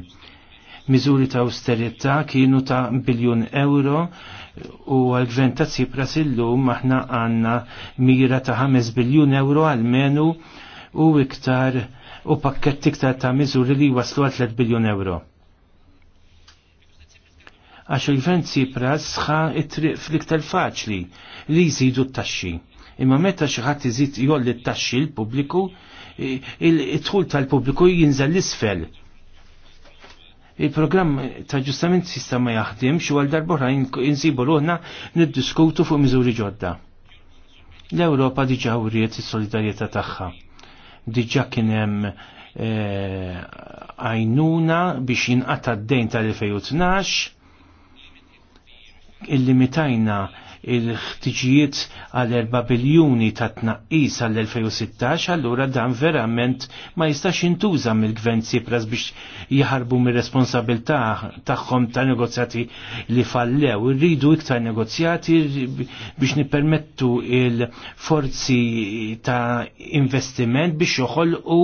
miżuri ta' austerità kienu ta' biljun euro u għal-gvern ta' Tsipras illum maħna għanna mira ta' 5 biljun euro għal-menu u iktar u pakket iktar ta' miżuri li waslu għal 3 biljon euro. Għax il-gvern Tsipras sħa it-triq fl-iktar faċli li jżidu t-taxxi. Imma meta xi ħadd iżid jolli t-taxxi l-pubbliku, il-dħul tal-pubbliku jinżel l-isfel. Il-programm ta' ġustament sista ma jaħdimx u għal darbora insibu ruħna niddiskutu fuq miżuri ġodda. L-Ewropa diġa wriet is-solidarjetà tagħha diġa kienem eh, għajnuna e, biex jinqata d-dejn tal-2012 illimitajna il-ħtiġijiet għal 4 biljuni ta' tnaqqis għal 2016, allura dan verament ma jistax jintuża mill-gvern Tsipras biex jħarbu mir-responsabilità tagħhom ta' negozjati li fallew. Irridu iktar negozjati biex nippermettu il-forzi ta' investiment biex joħolqu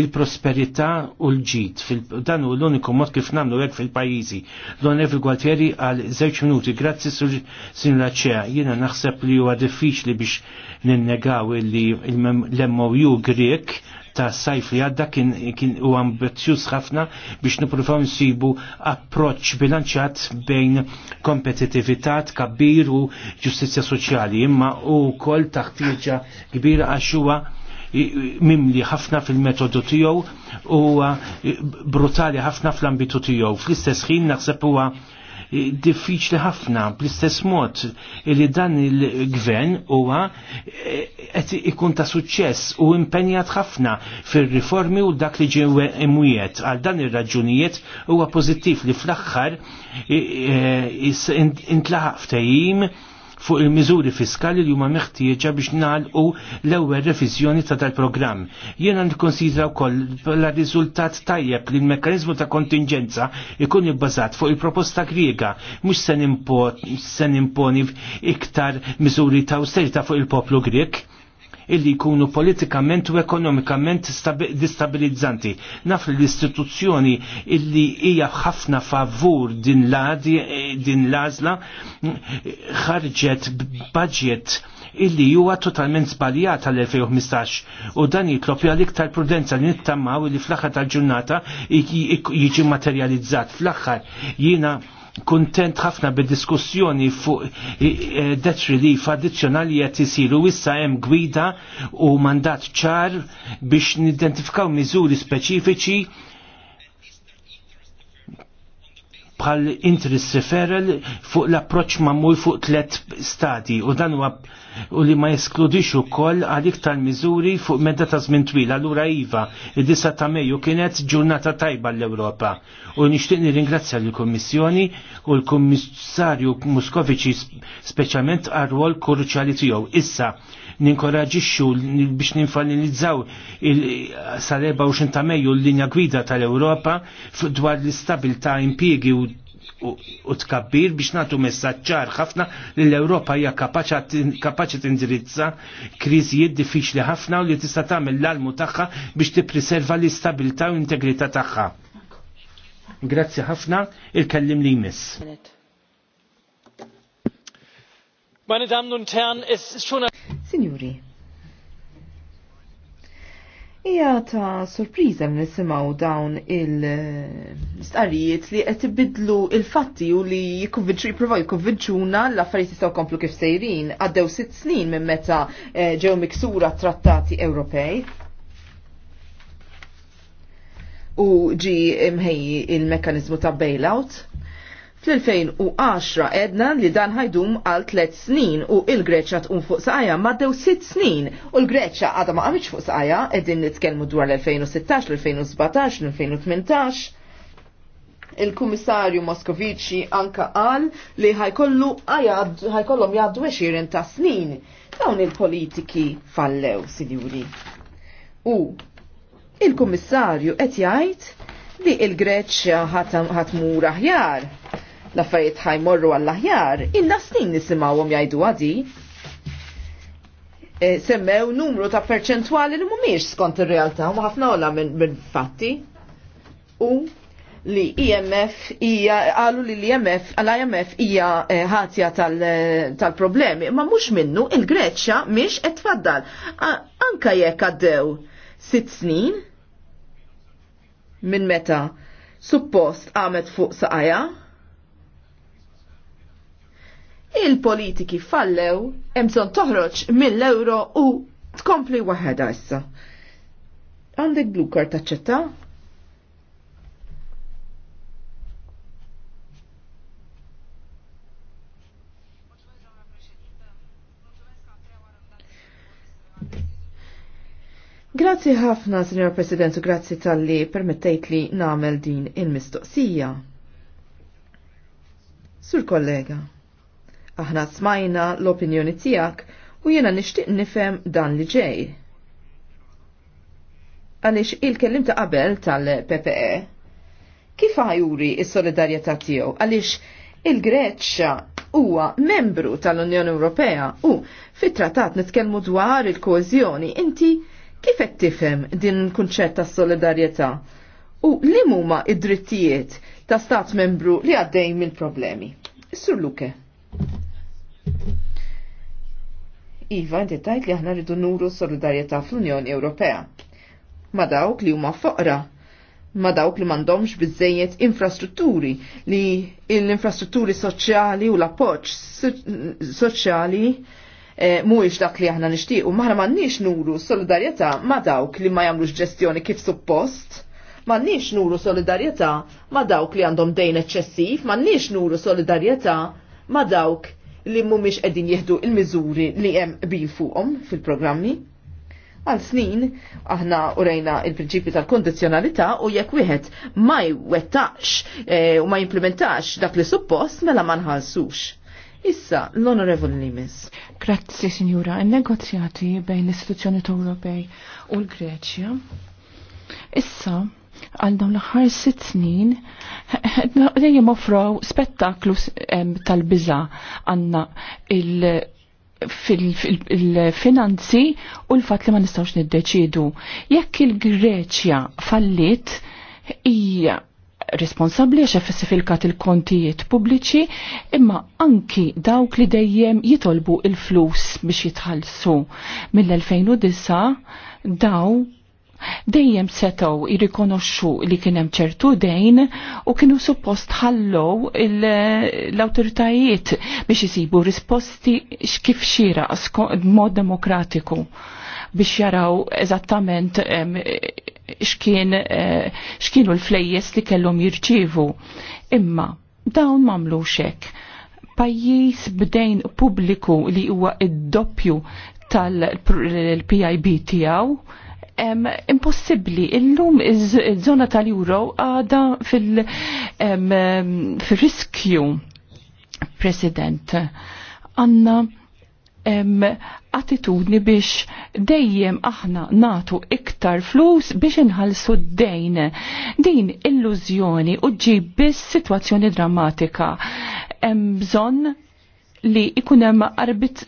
il-prosperità u l-ġid. Dan u l-uniku mod kif nagħmlu hekk fil-pajjiżi. Don Evi Gualtieri għal żewġ minuti. Grazzi sur Sinra Ċe xeq, jiena naħseb li huwa diffiċli biex ninnegaw li l-MOU Grek ta' sajf li għadda kien u ambizjus ħafna biex nippruvaw nsibu approċċ bilanċat bejn kompetitivitat kabir u ġustizzja soċjali, imma u kol taħtieġa kbira għax huwa mimli ħafna fil-metodu tiegħu u brutali ħafna fl-ambitu tiegħu. Fl-istess ħin naħseb huwa diffiċli ħafna bl-istess mod li dan il-gvern huwa eh, qed ikun ta' suċċess u impenjat ħafna fir-riformi u dak li ġew imwiet. Għal dan ir-raġunijiet huwa pożittiv li fl-aħħar eh, eh, intlaħaq ftehim fuq il-miżuri fiskali li huma meħtieġa biex nagħlqu l-ewwel reviżjoni ta' dal-programm. Jiena nikkonsidra wkoll l-riżultat tajjeb li l-mekkaniżmu ta' kontingenza ikun ibbażat fuq il-proposta Griega mhux se nimponi iktar miżuri ta' austerità fuq il-poplu Grek illi jkunu politikament u ekonomikament distabilizzanti. Naf li l-istituzzjoni illi hija ħafna favur din ladi eh, din lażla eh, ħarġet budget illi huwa totalment zbaljat għal 2015 u dan jitlob għal iktar prudenza li nittamaw li fl-aħħar tal-ġurnata jiġi materializzat fl-aħħar jiena kuntent ħafna bid-diskussjoni fuq e, debt relief addizzjonali qed isiru issa hemm gwida u mandat ċar biex nidentifikaw miżuri speċifiċi bħal interest referral fuq l-approċ mamul fuq tlet stadi u dan huwa u li ma jeskludix ukoll għalik tal-miżuri fuq medda ta' żmien twil. Allura iva, id-disa ta' Mejju kienet ġurnata tajba l-Ewropa. U nixtieq nirringrazzja l-Kummissjoni u l-Kummissarju Muskoviċi speċjalment għar-rwol kurċali tiegħu. Issa, ninkoraġixxu biex ninfanilizzaw sal-24 ta' Mejju l-linja gwida tal-Ewropa dwar l istabilità impjiegi u tkabbir biex natu messaċċar ħafna li l-Ewropa hija kapaċi tindirizza kriżijiet diffiċli ħafna u li tista' tagħmel l-almu tagħha biex tippreserva l-istabilità u integrità tagħha. Grazzi ħafna, il-kellim li jmiss. Meine Damen und Herren, es ist schon... Signori, Ija ta' sorpriza nisimaw dawn il-starijiet eh, li qed ibidlu il-fatti u li jikonvinċu jiprofaw jikonvinċuna l-affarijiet jistgħu komplu kif sejrin għaddew sitt snin minn meta eh, ġew miksura trattati Ewropej. U ġi imħej il-mekkanizmu ta' bailout. Fl-2010 edna li dan ħajdum għal 3 snin u il-Greċa tqum fuq saqajja maddew sitt snin u l-Greċa għadha ma qamitx fuq saqajja qegħdin nitkellmu dwar l-2016, l-2017, l-2018. Il-Kummissarju Moskovici anka qal li ħajkollu ħajkollhom jgħaddu 20 ta' snin. Dawn il-politiki fallew, sinjuri. U il-Kummissarju qed jgħid li il-Greċja ħatmur aħjar laffariet affarijiet ħajmorru għall-aħjar, illa snin nisimgħuhom jajdu għadi. E, semmew numru ta' perċentwali li mhumiex skont ir-realtà, ma ħafna ola minn fatti. U li IMF e hija għalu li l-IMF għal imf hija e, ħatja tal-problemi, tal ma mhux minnu il greċja mhix qed Anka jekk għaddew sitt snin minn meta suppost għamet fuq saqajja il-politiki fallew, emson toħroġ mill-euro u tkompli waħeda issa. Għandek blu card taċċetta? Grazzi ħafna, Signor President, u grazzi tal-li permettejt li namel din il-mistoqsija. Sur kollega. Aħna smajna l-opinjoni tijak u jena nishtiq nifem dan li ġej. Għalix il-kellim ta' qabel tal-PPE, kif għajuri il-solidarieta tiegħu għalix il-Greċċa huwa membru tal-Unjoni Ewropea u fit-trattat nitkellmu dwar il-koeżjoni inti kif qed tifhem din il-kunċett ta' solidarjetà u li huma id-drittijiet ta' stat membru li għaddej mill-problemi. Sur Luke. Iva, inti tajt li aħna rridu nuru solidarjetà fl-Unjoni Ewropea. Ma dawk li huma foqra, ma dawk li m'għandhomx bizzejiet infrastrutturi li l-infrastrutturi soċjali u l-appoġġ soċjali eh, mhuwiex dak li aħna nixtiequ, maħna m'għandniex nuru solidarjetà ma' dawk li ma jagħmlux ġestjoni kif suppost. M'għandniex nuru solidarjetà ma' dawk li għandhom dejn eċċessiv, m'għandniex nuru solidarjetà ma' dawk li mhumiex qegħdin jihdu il-miżuri li hemm bil fuqhom fil-programmi. Għal snin aħna urejna il-prinċipju tal-kondizjonalità u jekk wieħed ma jwettax e, u ma jimplementax dak li suppost mela ma nħallsux. Issa, l-Onorevoli Limes. Grazzi, Signora. Il-negozjati bejn l-istituzzjoni Ewropej u l-Greċja. Issa, għal dawn l-aħħar sitt snin dejjem offraw spettaklu tal-biża għandna fil-finanzi u l-fatt li ma nistgħux niddeċidu. Jekk il-Greċja fallit hija responsabli għax effessifikat il-kontijiet pubbliċi imma anki dawk li dejjem jitolbu il-flus biex jitħallsu mill-2009 daw dejjem setaw jirrikonoxxu li kien hemm ċertu dejn u kienu suppost ħallow l-awtoritajiet biex isibu risposti kif xira mod demokratiku biex jaraw eżattament xkien eh, xkienu l-flejjes li kellhom jirċivu. Imma dawn mamlu xek. Pajjiż bdejn pubbliku li huwa id-doppju tal-PIB tiegħu impossibli. Illum iż-żona tal-Euro għada fil-riskju, fil President. Għanna attitudni biex dejjem aħna natu iktar flus biex inħalsu d-dejn. Din illużjoni u ġib biss situazzjoni drammatika. Hemm li ikunem arbit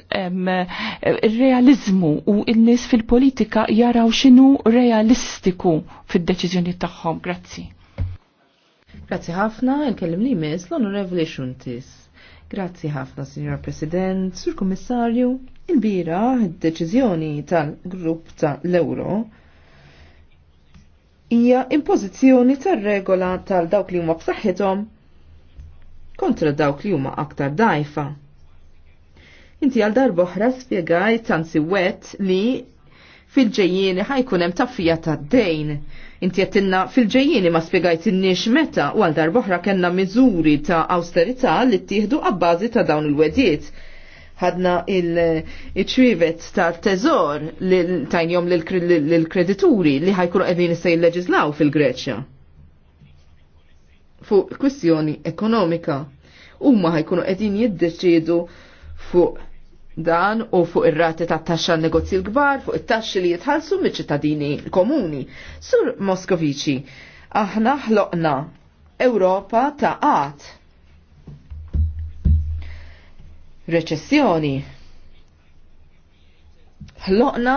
realizmu u il-nis fil-politika jaraw xinu realistiku fil-deċizjoni tagħhom. Grazzi. Grazzi ħafna, il-kellim li mis l-Onorevoli Xuntis. Grazzi ħafna, Signor President, Sur Kommissarju. Il-bira, id-deċizjoni tal-grupp tal-Euro hija impożizzjoni tar-regola tal-dawk li huma b'saħħithom kontra dawk li huma aktar dajfa. Inti għal darboħra spiegaj tansi wet li fil-ġejjini ħajkun hemm taffija ta' dejn. Inti għattinna fil-ġejjini ma spiegajt innix meta u għal darboħra kena miżuri ta' austerità li ttieħdu għabbażi ta' dawn il wediet Ħadna il-ċwivet ta' teżor li tajnjom l-kredituri li ħajkunu qegħdin se jilleġislaw fil-Greċja. Fuq kwistjoni ekonomika huma ħajkunu qegħdin jiddeċiedu fuq dan u fuq ir-rati ta' taxxa negozji l-kbar, fuq it-taxxi li jitħallsu miċ-ċittadini komuni. Sur Moskoviċi, aħna ħloqna Ewropa ta' qatt. Reċessjoni. Ħloqna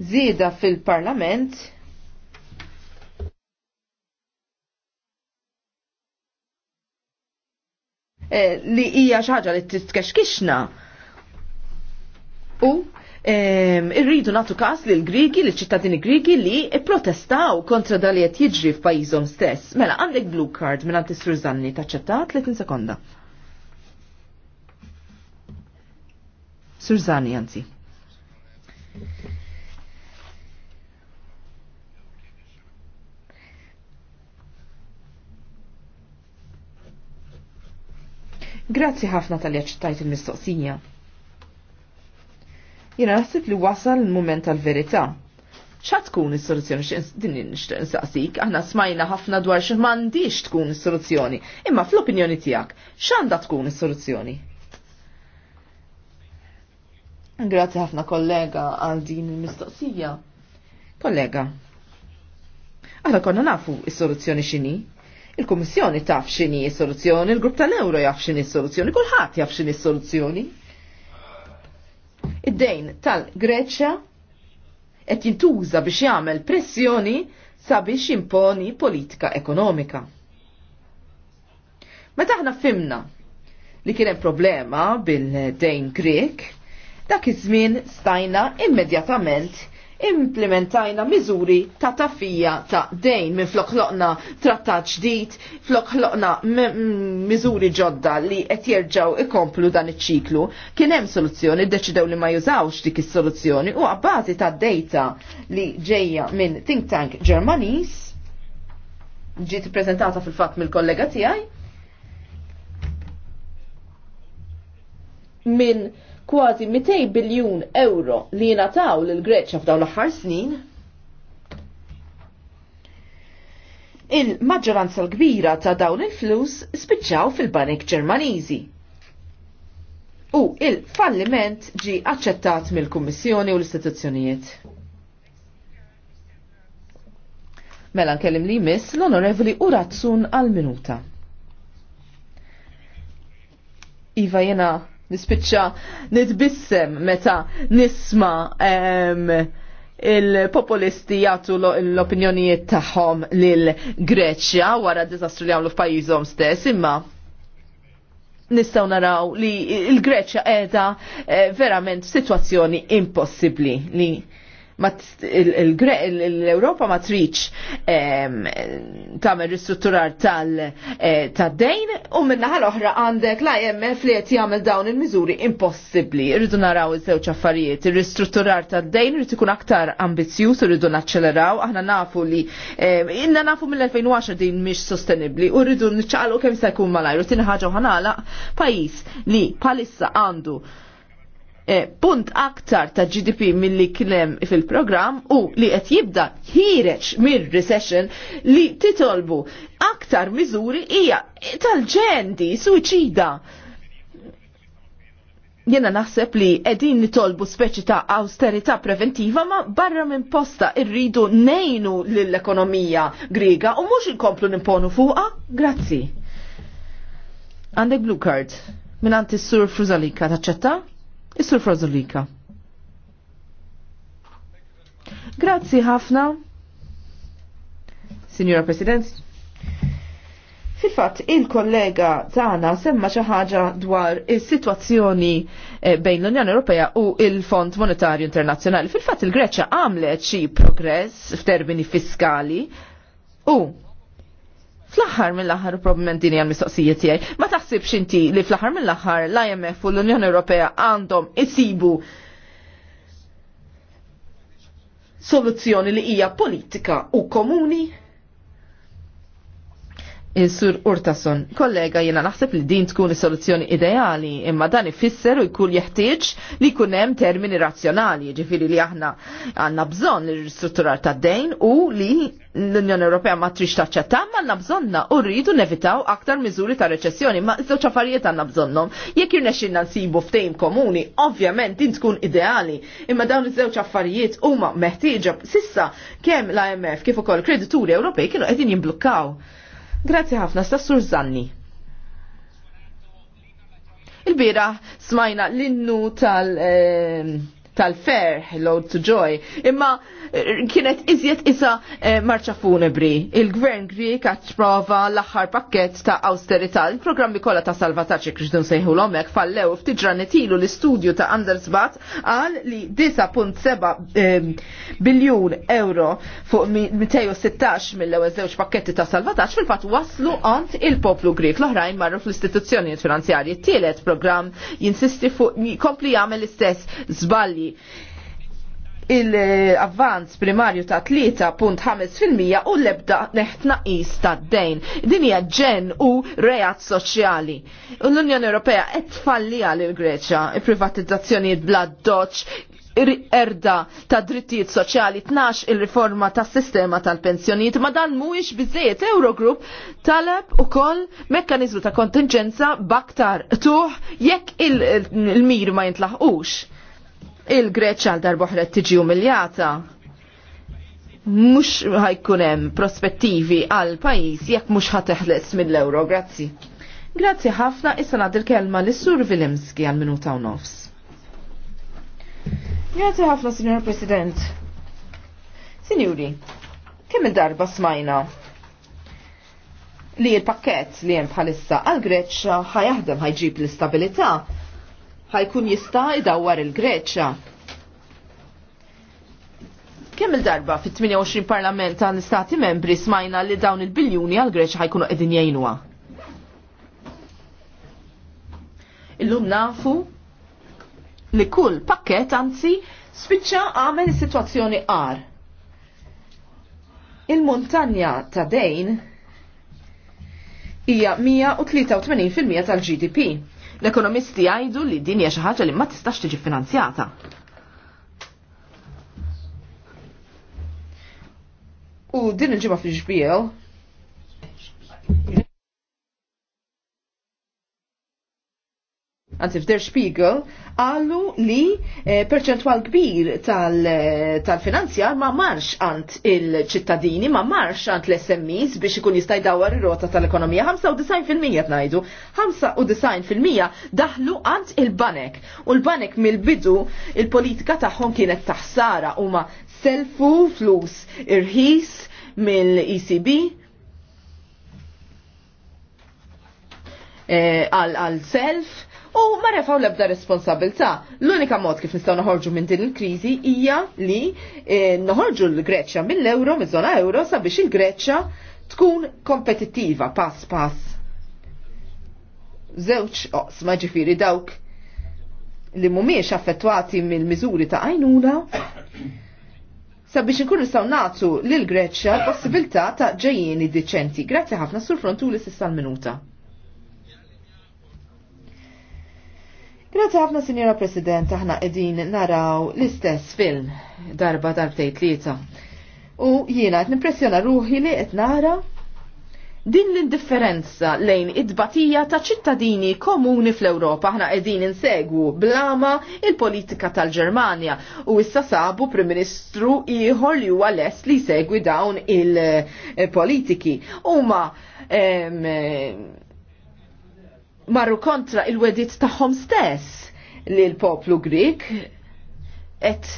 żieda fil-Parlament eh, li hija xi ħaġa li titkexkixna u irridu natu kas li l-Grigi, li ċittadini Grigi li protestaw kontra daliet jiġri f'pajizom stess. Mela, għandek blue card minn għanti Zanni taċċettat 30 sekonda. Surzani għanzi. Grazzi ħafna tal-li il-mistoqsija jina naħseb li wasal il-moment tal-verità. ċa tkun is-soluzzjoni din nixtieq saqsik, aħna smajna ħafna dwar xi m'għandix tkun is-soluzzjoni, imma fl-opinjoni tiegħek x'għandha tkun is-soluzzjoni? Grazie ħafna kollega għal din il-mistoqsija. Kollega, aħna konna nafu is-soluzzjoni x'inhi, il-Kummissjoni taf x'inhi s-soluzzjoni, il-Grupp tal-Euro jaf x'inhi s-soluzzjoni, kulħadd jaf xini il soluzzjoni Id-dejn tal-Greċja qed jintuża biex jagħmel pressjoni sabiex imponi politika ekonomika. Meta aħna fimna li kien hemm problema bil-dejn Grek, dak iż-żmien stajna immedjatament implementajna miżuri ta' tafija ta' dejn minn flokħloqna trattat ġdid, flokloqna miżuri ġodda li qed jerġgħu ikomplu dan iċ-ċiklu. Kien hemm soluzzjoni, ddeċidew li ma jużawx dik is-soluzzjoni u għabbażi ta' data li ġejja minn think tank Ġermaniż ġiet ippreżentata fil-fatt mill-kollega tiegħi minn kważi 200 biljun euro li nataw lil Greċja f'dawn l-aħħar snin, il-maġġoranza l-kbira ta' dawn il-flus spiċċaw fil-banek Ġermaniżi. U il-falliment ġi aċċettat mill-Kummissjoni u l-istituzzjonijiet. Mela nkellim li miss l-onorevoli Urazzun għal-minuta. Iva jena nispiċċa nitbissem meta nisma il-populisti jgħatu l-opinjonijiet tagħhom lil Greċja wara d-diżastru li għamlu f'pajjiżhom stess, imma nistaw naraw li il-Greċja qiegħda eh, verament situazzjoni impossibbli li l-Europa ma triċ tagħmel ristrutturar eh, tad-dejn u minnaħa l-oħra għandek la imf li qed jagħmel dawn il-miżuri impossibbli. Rridu naraw iż-żewġ affarijiet, ir-ristrutturar tad-dejn irid ikun aktar ambizzjuż irridu naċċeleraw, aħna nafu li inna nafu mill-2010 din mhix sostenibbli u rridu niċċaqalqu kemm se jkun malajru tinħaġa ħanala pajjiż li palissa għandu Eh, punt aktar ta' GDP mill-li klem fil-program u li qed jibda ħireċ mir-recession li titolbu aktar miżuri hija tal-ġendi suċida jena naħseb li edin nitolbu speċi ta' austerità preventiva ma barra minn posta irridu nejnu l-ekonomija griega u mux inkomplu nimponu fuqa. Grazzi. Għandek blue card minn s sur Fruzalika taċċetta? Is-Sur Grazzi ħafna, Signora President. Fil-fatt, il-kollega tagħna semma xi ħaġa dwar is-sitwazzjoni eh, bejn l-Unjoni Ewropea u il-Fond Monetarju Internazzjonali. Fil-fatt il-Greċja għamlet xi progress f'termini fiskali u Fl-aħħar mill-aħħar probablement din hija l-mistoqsija tiegħi. Ma taħsibx inti li fl-aħħar mill-aħħar l-IMF u l-Unjoni Ewropea għandhom isibu soluzzjoni li hija politika u komuni? Sur Urtason, kollega jena naħseb li din tkun is-soluzzjoni ideali, imma dan ifisser u jkun jeħtieġ li jkun hemm termini razzjonali, jiġifieri li aħna għandna bżonn ristrutturar tad-dejn u li l-Unjoni Ewropea ma trix taċċetta, ma għandna bżonna u rridu nevitaw aktar miżuri ta' reċessjoni, ma żewġ affarijiet għandna bżonnhom. Jekk xinna nsibu ftehim komuni, ovvjament din tkun ideali, imma dawn iż-żewġ affarijiet huma meħtieġa sissa kemm l-IMF kif ukoll kredituri Ewropej kienu qegħdin jimblukkaw Grazie ħafna, stassur Zanni. Il-bira smajna l-innu tal- eh, tal fer hello to joy, imma eh, kienet iżjed isa eh, marċa funebri. Il-gvern Grieg għat prova l axar pakket ta' austerità. Il-programmi kollha ta' salvataċi kriġdun sejħu l-omek fallew f'tiġran ilu l-istudju ta' Anders Bat għal li 9.7 eh, biljun euro fuq 216 mill-ewwel żewġ pakketti ta' salvataċ fil fat waslu għant il-poplu Grieg. L-oħrajn marru fl-istituzzjonijiet finanzjarji. Tielet programm jinsisti fuq kompli jagħmel l-istess żbalji il-avvanz primarju ta' 3.5% u l-ebda neħtnaqis ta' d-dejn. Din hija ġen u reat soċjali. L-Unjoni Ewropea qed tfalli għal il-Greċja, il-privatizzazzjonijiet bla doċ, erda ta' drittijiet soċjali tnax il-riforma tas sistema tal-pensjonijiet ma dan mhuwiex biżejjed Eurogroup talab ukoll mekkaniżmu ta' kontingenza baktar tuħ jekk il-mir ma jintlaħqux il-Greċa għal darboħret tiġi umiljata mux ħajkunem prospettivi għal pajis jekk mux ħateħles mill-euro, grazzi. Grazzi ħafna, issa nadir kelma l sur Vilimski għal minuta u nofs. Grazzi ħafna, Signor President. Signori, kemm il-darba smajna li il-pakket li jem bħalissa għal Greċċa ħajahdem ħajġib l-istabilita' ħajkun jista' idawwar il-Greċċa. Kemm il-darba fit-28 parlament tal-istati membri smajna li dawn il-biljuni għal-Greċċa ħajkunu qegħdin jgħinuha. Illum nafu li kull pakket anzi spiċċa għamel is-sitwazzjoni qar. Il-montanja ta' dejn hija 183% tal-GDP. L-ekonomisti għajdu li din hija xi ħaġa li ma tistax tiġi finanzjata. U din il-ġimgħa fl anzi f'Der Spiegel, għallu li eh, perċentwal kbir eh, tal-finanzjar tal ma marx għant il-ċittadini, ma marx għant l-SMEs biex ikun jista' jdawar ir-rota tal-ekonomija. 95% tnajdu, 95% daħlu għant il-banek. U l-banek mill-bidu il-politika tagħhom kienet taħsara huma selfu flus irħis mill-ECB eh, għal-self u ma refaw lebda responsabilta. L-unika mod kif nistgħu naħorġu minn din il-kriżi hija li eh, naħorġu l-Greċja mill-euro, mill-zona euro sabiex il-Greċja tkun kompetittiva pass pass. Zewċ ma ġifiri dawk li mumiex affettwati mill-miżuri ta' għajnuna sabiex nkun nistgħu nagħtu l greċja l-possibilità ta' ġejjieni diċenti. Grazzi ħafna sur frontu li sissa minuta. Grazie ħafna, Sinjora President, aħna qegħdin naraw l-istess film darba darbtejt lieta. U jiena qed nimpressjona ruħi li qed nara din l-indifferenza lejn id-batija ta' ċittadini komuni fl-Ewropa aħna qegħdin insegwu blama il-politika tal-Ġermanja u issa sabu Prim Ministru ieħor li huwa lest li jsegwi dawn il-politiki. Eh, Huma ehm, marru kontra il-wedit tagħhom stess li l-poplu Grik et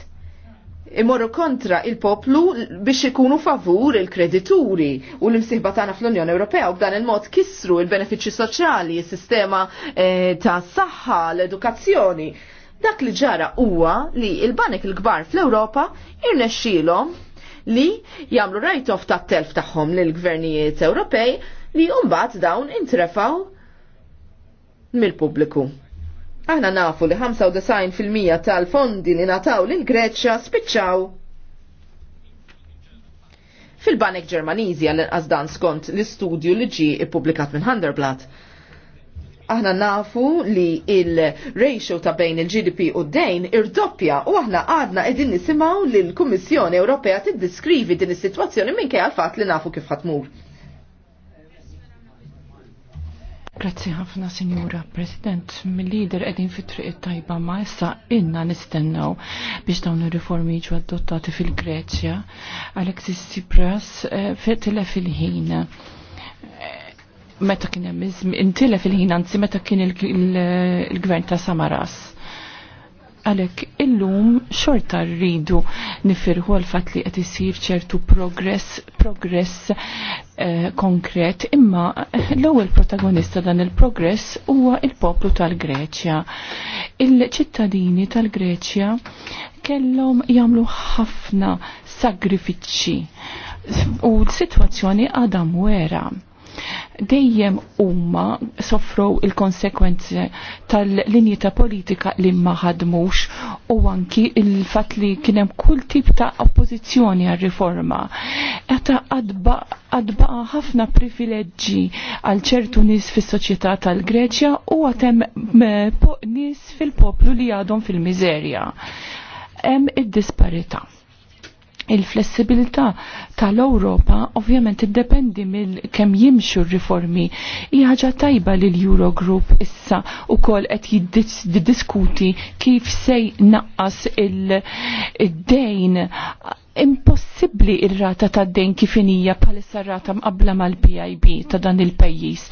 imorru kontra il-poplu biex ikunu favur il-kredituri u l-imsiħba tagħna fl-Unjoni Ewropea u b'dan il-mod kissru il-benefiċċji soċjali, il sistema eh, ta' saħħa, l-edukazzjoni. Dak li ġara huwa li il-banek il-kbar fl-Ewropa jirnexxilhom li jagħmlu rajtof tat-telf tagħhom lill-gvernijiet Ewropej li mbagħad dawn intrefaw mill-pubbliku. Aħna nafu li 95% tal-fondi li nataw lil Greċja spiċċaw fil-Banek Ġermaniżi għal inqas dan skont l-istudju li ġi ippubblikat minn Handerblatt. Aħna nafu li il-ratio ta' bejn il-GDP u d-dejn irdoppja u aħna għadna edin nisimaw li l-Kummissjoni Ewropea tiddiskrivi din is-sitwazzjoni minn kej għal fatt li nafu kif ħatmur. Grazzi ħafna, Sinjura President. Mill-lider edin fit-triq tajba ma issa inna nistennaw biex dawn ir-riformi jiġu adottati fil-Greċja. Alexis Tsipras eh, fetile fil-ħin eh, meta kien hemm intilef il-ħin anzi meta kien il-gvern ta' Samaras Għalek, illum xorta rridu nifirħu għal-fat li qed isir ċertu progress, progress eh, konkret, imma l-ewwel protagonista dan il-progress huwa il-poplu tal-Greċja. Il-ċittadini tal-Greċja kellhom jagħmlu ħafna sagrifiċċji u l-sitwazzjoni għadam wera dejjem huma soffrow il-konsekwenzi tal-linji ta' politika li ma ħadmux u anki il-fat li kienem kull tip ta' oppożizzjoni għal reforma Eta għadba ħafna privileġġi għal ċertu nis fis soċjetà tal-Greċja u għatem nis fil-poplu li għadhom fil-mizerja. Hemm id-disparita il-flessibilità tal-Europa ovvjament iddependi mill kemm jimxu r-riformi. Iħaġa tajba li l-Eurogroup issa u kol qed jiddiskuti kif sej naqqas il-dejn impossibbli ir-rata ta' d-dejn kifinija palissa rata mqabla mal-PIB ta' dan il-pajjiż.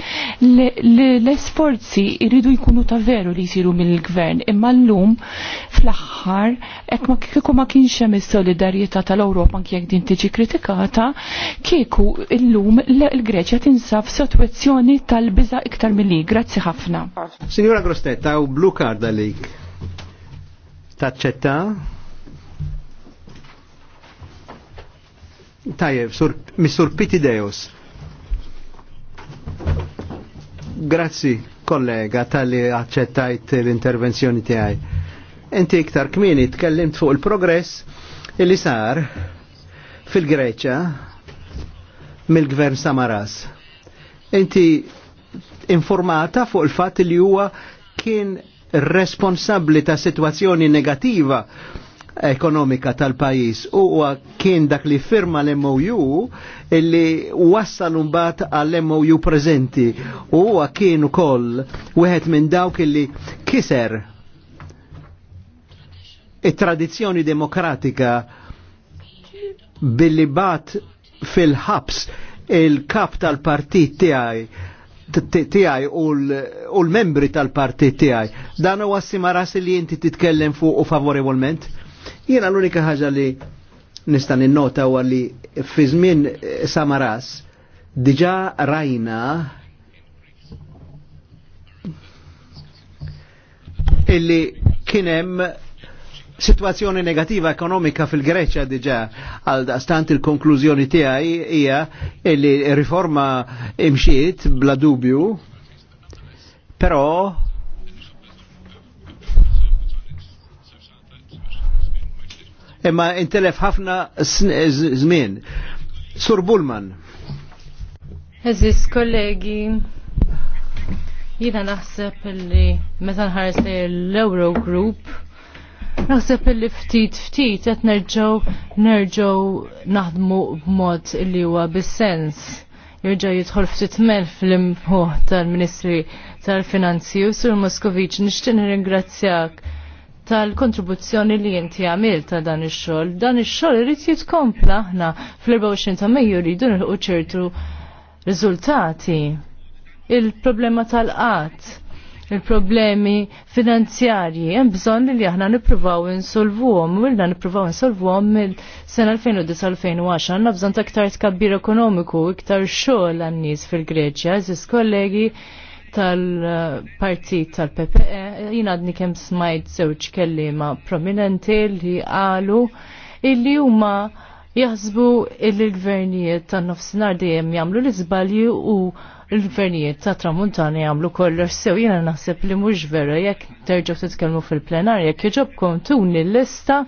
L-esforzi iridu jkunu ta' veru li jisiru mill-gvern, imma l-lum fl-axħar, ek ma kieku ma kienx hemm is-solidarjetà tal-Ewropa anke jekk din tiġi kritikata, kieku llum l-Greċja tinsab f'sitwazzjoni tal-biża iktar milli. Grazzi ħafna. Signora Grostetta, u blu card għalik. Taċċetta? Tajjeb, Mr. Pitideus. Grazzi, kollega, tal-li accettajt l-intervenzjoni tiegħi. Inti iktar kmini tkellimt fuq il-progress illi sar fil-Greċa mill-gvern Samaras. Inti informata fuq il-fat li huwa kien responsabli ta' situazzjoni negativa ekonomika tal-pajis u kien dak li firma l-MOU illi wassal mbagħad għall-MOU prezenti u kien ukoll wieħed minn dawk illi kiser it-tradizzjoni demokratika billi bat fil-ħabs il-kap tal-partit tiegħi tiegħi u l-membri tal-partit tiegħi. Dan huwa simarasi li inti titkellem fuq u favorevolment? Jiena l-unika ħaġa li nista' ninnota huwa li fi żmien eh, samaras diġà rajna illi kien hemm situazzjoni negativa ekonomika fil-Greċja diġa għal stant il-konklużjoni tiegħi hija illi riforma imxiet bla dubju, però imma intelef ħafna żmien. Sur Bullman. Eżis kollegi, jina naħseb li meta nħares l-Euro Group, naħseb li ftit ftit qed nerġgħu nerġgħu naħdmu b'mod li huwa bis-sens. Jerġa' jidħol ftit mel fl-imħuħ tal-Ministri tal-Finanzi u Sur Moskovic nixtieq nirringrazzjak tal-kontribuzzjoni li inti għamil ta' dan ix-xogħol. Dan ix-xogħol irid jitkompla aħna fl-24 ta' Mejju rridu nilħu ċertu riżultati. Il-problema tal qat il-problemi finanzjarji, hemm bżonn li aħna nippruvaw insolvuhom, u ilna insolvu insolvuhom mill-sena 2010 2010 għanna bżon ta' ktar tkabbir ekonomiku, iktar xogħol għan-nies fil-Greċja, zis kollegi, tal-partit tal-PPE, jina għadni kem smajt zewċ kellima prominenti li għalu illi huma jaħsbu il-gvernijiet ta' nofsinar dejjem jagħmlu l-iżbalji u l-gvernijiet ta' tramuntana jagħmlu kollox sew jiena naħseb li mhux vera jekk terġgħu titkellmu fil-plenar jekk iġobkom tuni il lista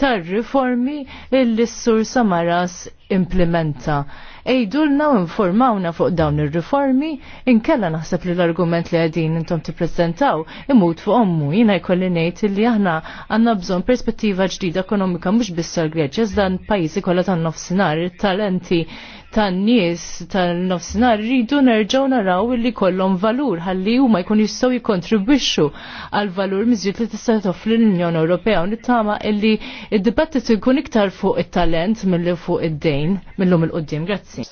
tar-riformi illi s-sur Samaras implementa ejdulna u informawna fuq dawn ir-riformi, inkella naħseb li l-argument li għadin intom tippreżentaw imut fuq ommu jiena jkolli ngħid li aħna għandna bżonn perspettiva ġdida ekonomika mhux biss għall-Greċja iżda pajjiżi kollha tan-nofsinhar talenti tan-nies tal-nofsinhar rridu nerġgħu naraw li kollhom valur ħalli huma jkun jistgħu jikkontribwixxu għal valur miżjud li tista' toffri l-Unjoni Ewropea u nittama illi d dibattitu jkun iktar fuq it-talent milli fuq id-dejn millum il-qudiem. Grazzi.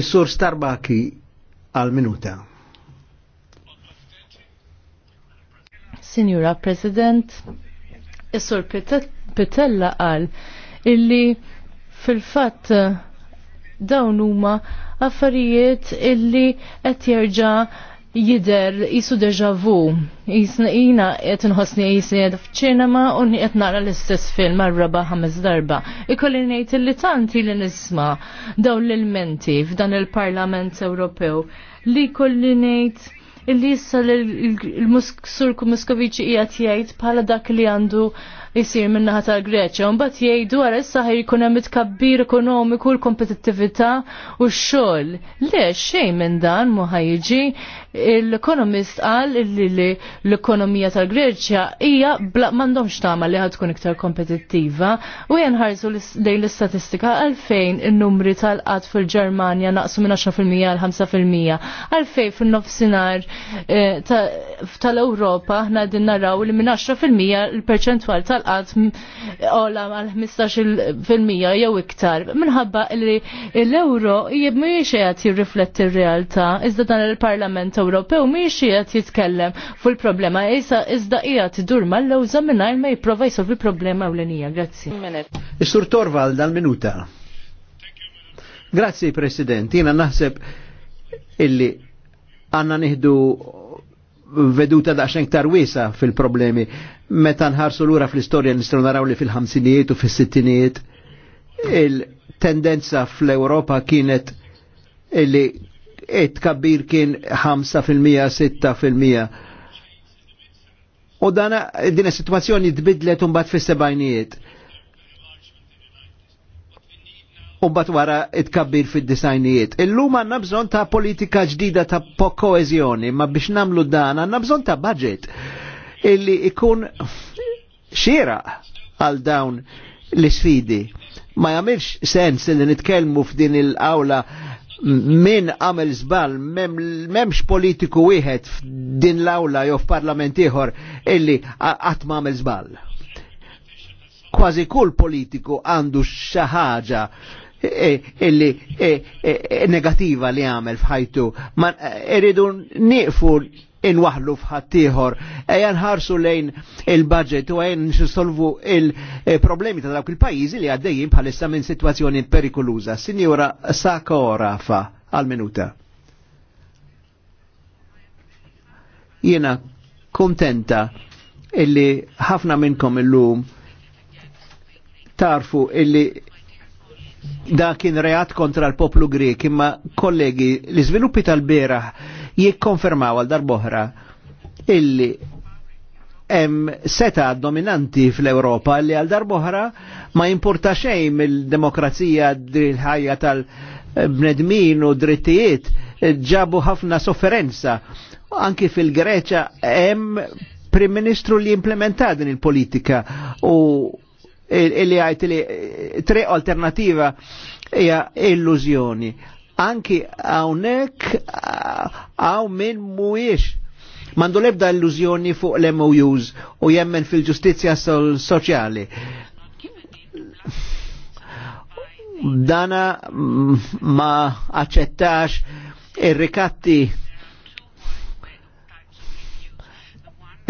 Is-sur Starbaki għal minuta. Signora President, Is-Sur Pitella qal illi fil-fatt dawn huma affarijiet illi qed jerġa' jider jisu deja vu. Jina qed inħossni jisni f'ċinema u qed nara l-istess film marraba ħames darba. Ikolli ngħid illi tanti li nisma' dawn l elmenti f'dan il-Parlament Ewropew li kolli ngħid illi issa l-Sur Muskoviċi qiegħed jgħid bħala dak li għandu jisir minnaħat tal-Greċja. Mbagħad jgħidu għara issa jkun hemm itkabbir ekonomiku l-kompetittività u x-xogħol. Le xejn minn dan muħajġi l-ekonomist qal li l-ekonomija tal-Greċja hija m'għandhomx tama li ħad tkun iktar kompetittiva u jenħarsu lejn l-istatistika għalfejn in-numri tal qat fil-Ġermanja naqsu minn 10% għal 5% għalfejn fin-nofsinhar eh, tal-Ewropa aħna din naraw li minn 10% l-perċentwal tal tal-qatt ola għal 15% jew iktar. Minħabba li l-euro mhijiex qed jirrifletti r-realtà, iżda dan il-Parlament Ewropew mhijiex qed jitkellem fuq il-problema issa iżda hija tidur mal-lewża mingħajr ma jipprova jsolvi problema ewlenija. Grazzi. Is-Sur Torvald dal-minuta. Grazzi President, jina naħseb illi għanna nihdu veduta daqxen ktar wisa fil-problemi meta nħarsu lura fl-istorja nistgħu naraw li fil-ħamsinijiet u fis-sittinijiet il-tendenza fl-Ewropa kienet li it-kabbir kien 5%-6%. U dana din is-sitwazzjoni tbidlet mbagħad fis-sebgħinijiet. U mbagħad wara it-kabbir fid-disajnijiet. Illum għandna bżonn ta' politika ġdida ta' koeżjoni, ma biex nagħmlu dan għandna bżonn ta' budget illi ikun xira għal dawn l-sfidi. Ma jamilx sens li nitkelmu f'din il-awla min għamel zbal, memx politiku wieħed f'din l-awla jew f'parlament ieħor illi qatt ma għamel zbal. Kważi kull politiku għandu xi ħaġa e, illi e, e, negativa li għamel fħajtu. Ma irridu niqfu inwaħlu fħattijħor. Ejja nħarsu lejn il-budget u għajn nisolvu il-problemi ta' dawk il-pajizi li għaddejjin bħalissa minn situazzjoni perikoluza. Sinjura Sakorafa, għal-minuta. Jena kontenta illi ħafna minnkom illum tarfu illi da kien reat kontra l-poplu Grek, imma kollegi, l sviluppi tal-beraħ jikkonfermaw għal darboħra illi hemm seta dominanti fl-Europa li għal darboħra ma jimporta xejn mill-demokrazija il-ħajja tal-bnedmin u drittijiet ġabu ħafna sofferenza. Anki fil-Greċa hemm Prim Ministru li implementa din il-politika u illi għajt li tre alternativa hija illużjoni anki hawnhekk ah, hawn min mhuwiex mandu lebda illużjoni fuq l-MOUs u jemmen fil-ġustizja soċjali. Dana mm, ma accettax ir-rikatti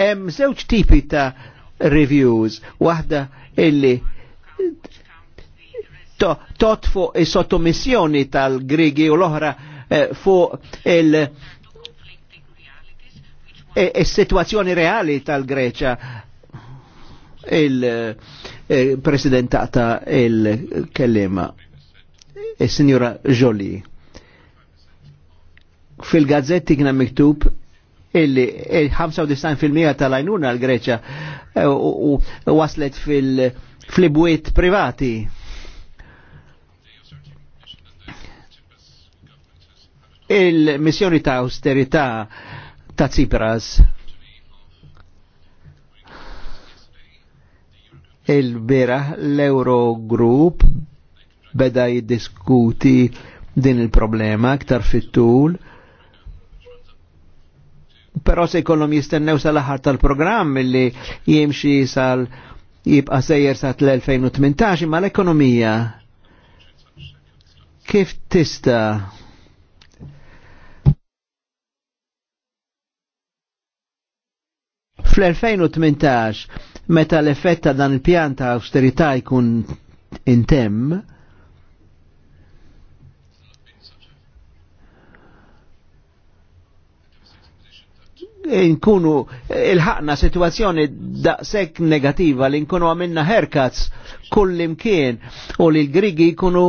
Em zewċ tipi ta' reviews, wahda illi tot fuq is-sottomissjoni tal-Grigi u l-oħra eh, fuq il- is-sitwazzjoni e, e reali tal-Greċa il-presidentata eh, il-kellima il-signora e Joli fil-gazzetti kna miktub il-95% tal ajnuna għal-Greċa u waslet fil-flibwiet privati il-missjoni ta' austerità ta' Tsipras il-bira l-Eurogroup beda jiddiskuti din il-problema ktar fit-tul pero se jkollhom jistennew sal-aħħar tal-programm li jimxi sal jibqa' sejjer sa l-2018 ma l-ekonomija kif tista' Fl-2018, meta l-effett ta' dan il-pjan ta' austerità jkun intemm, Inkunu il-ħakna situazzjoni daqsek negativa li nkunu għamilna herkats kull imkien u li l-Grigi jkunu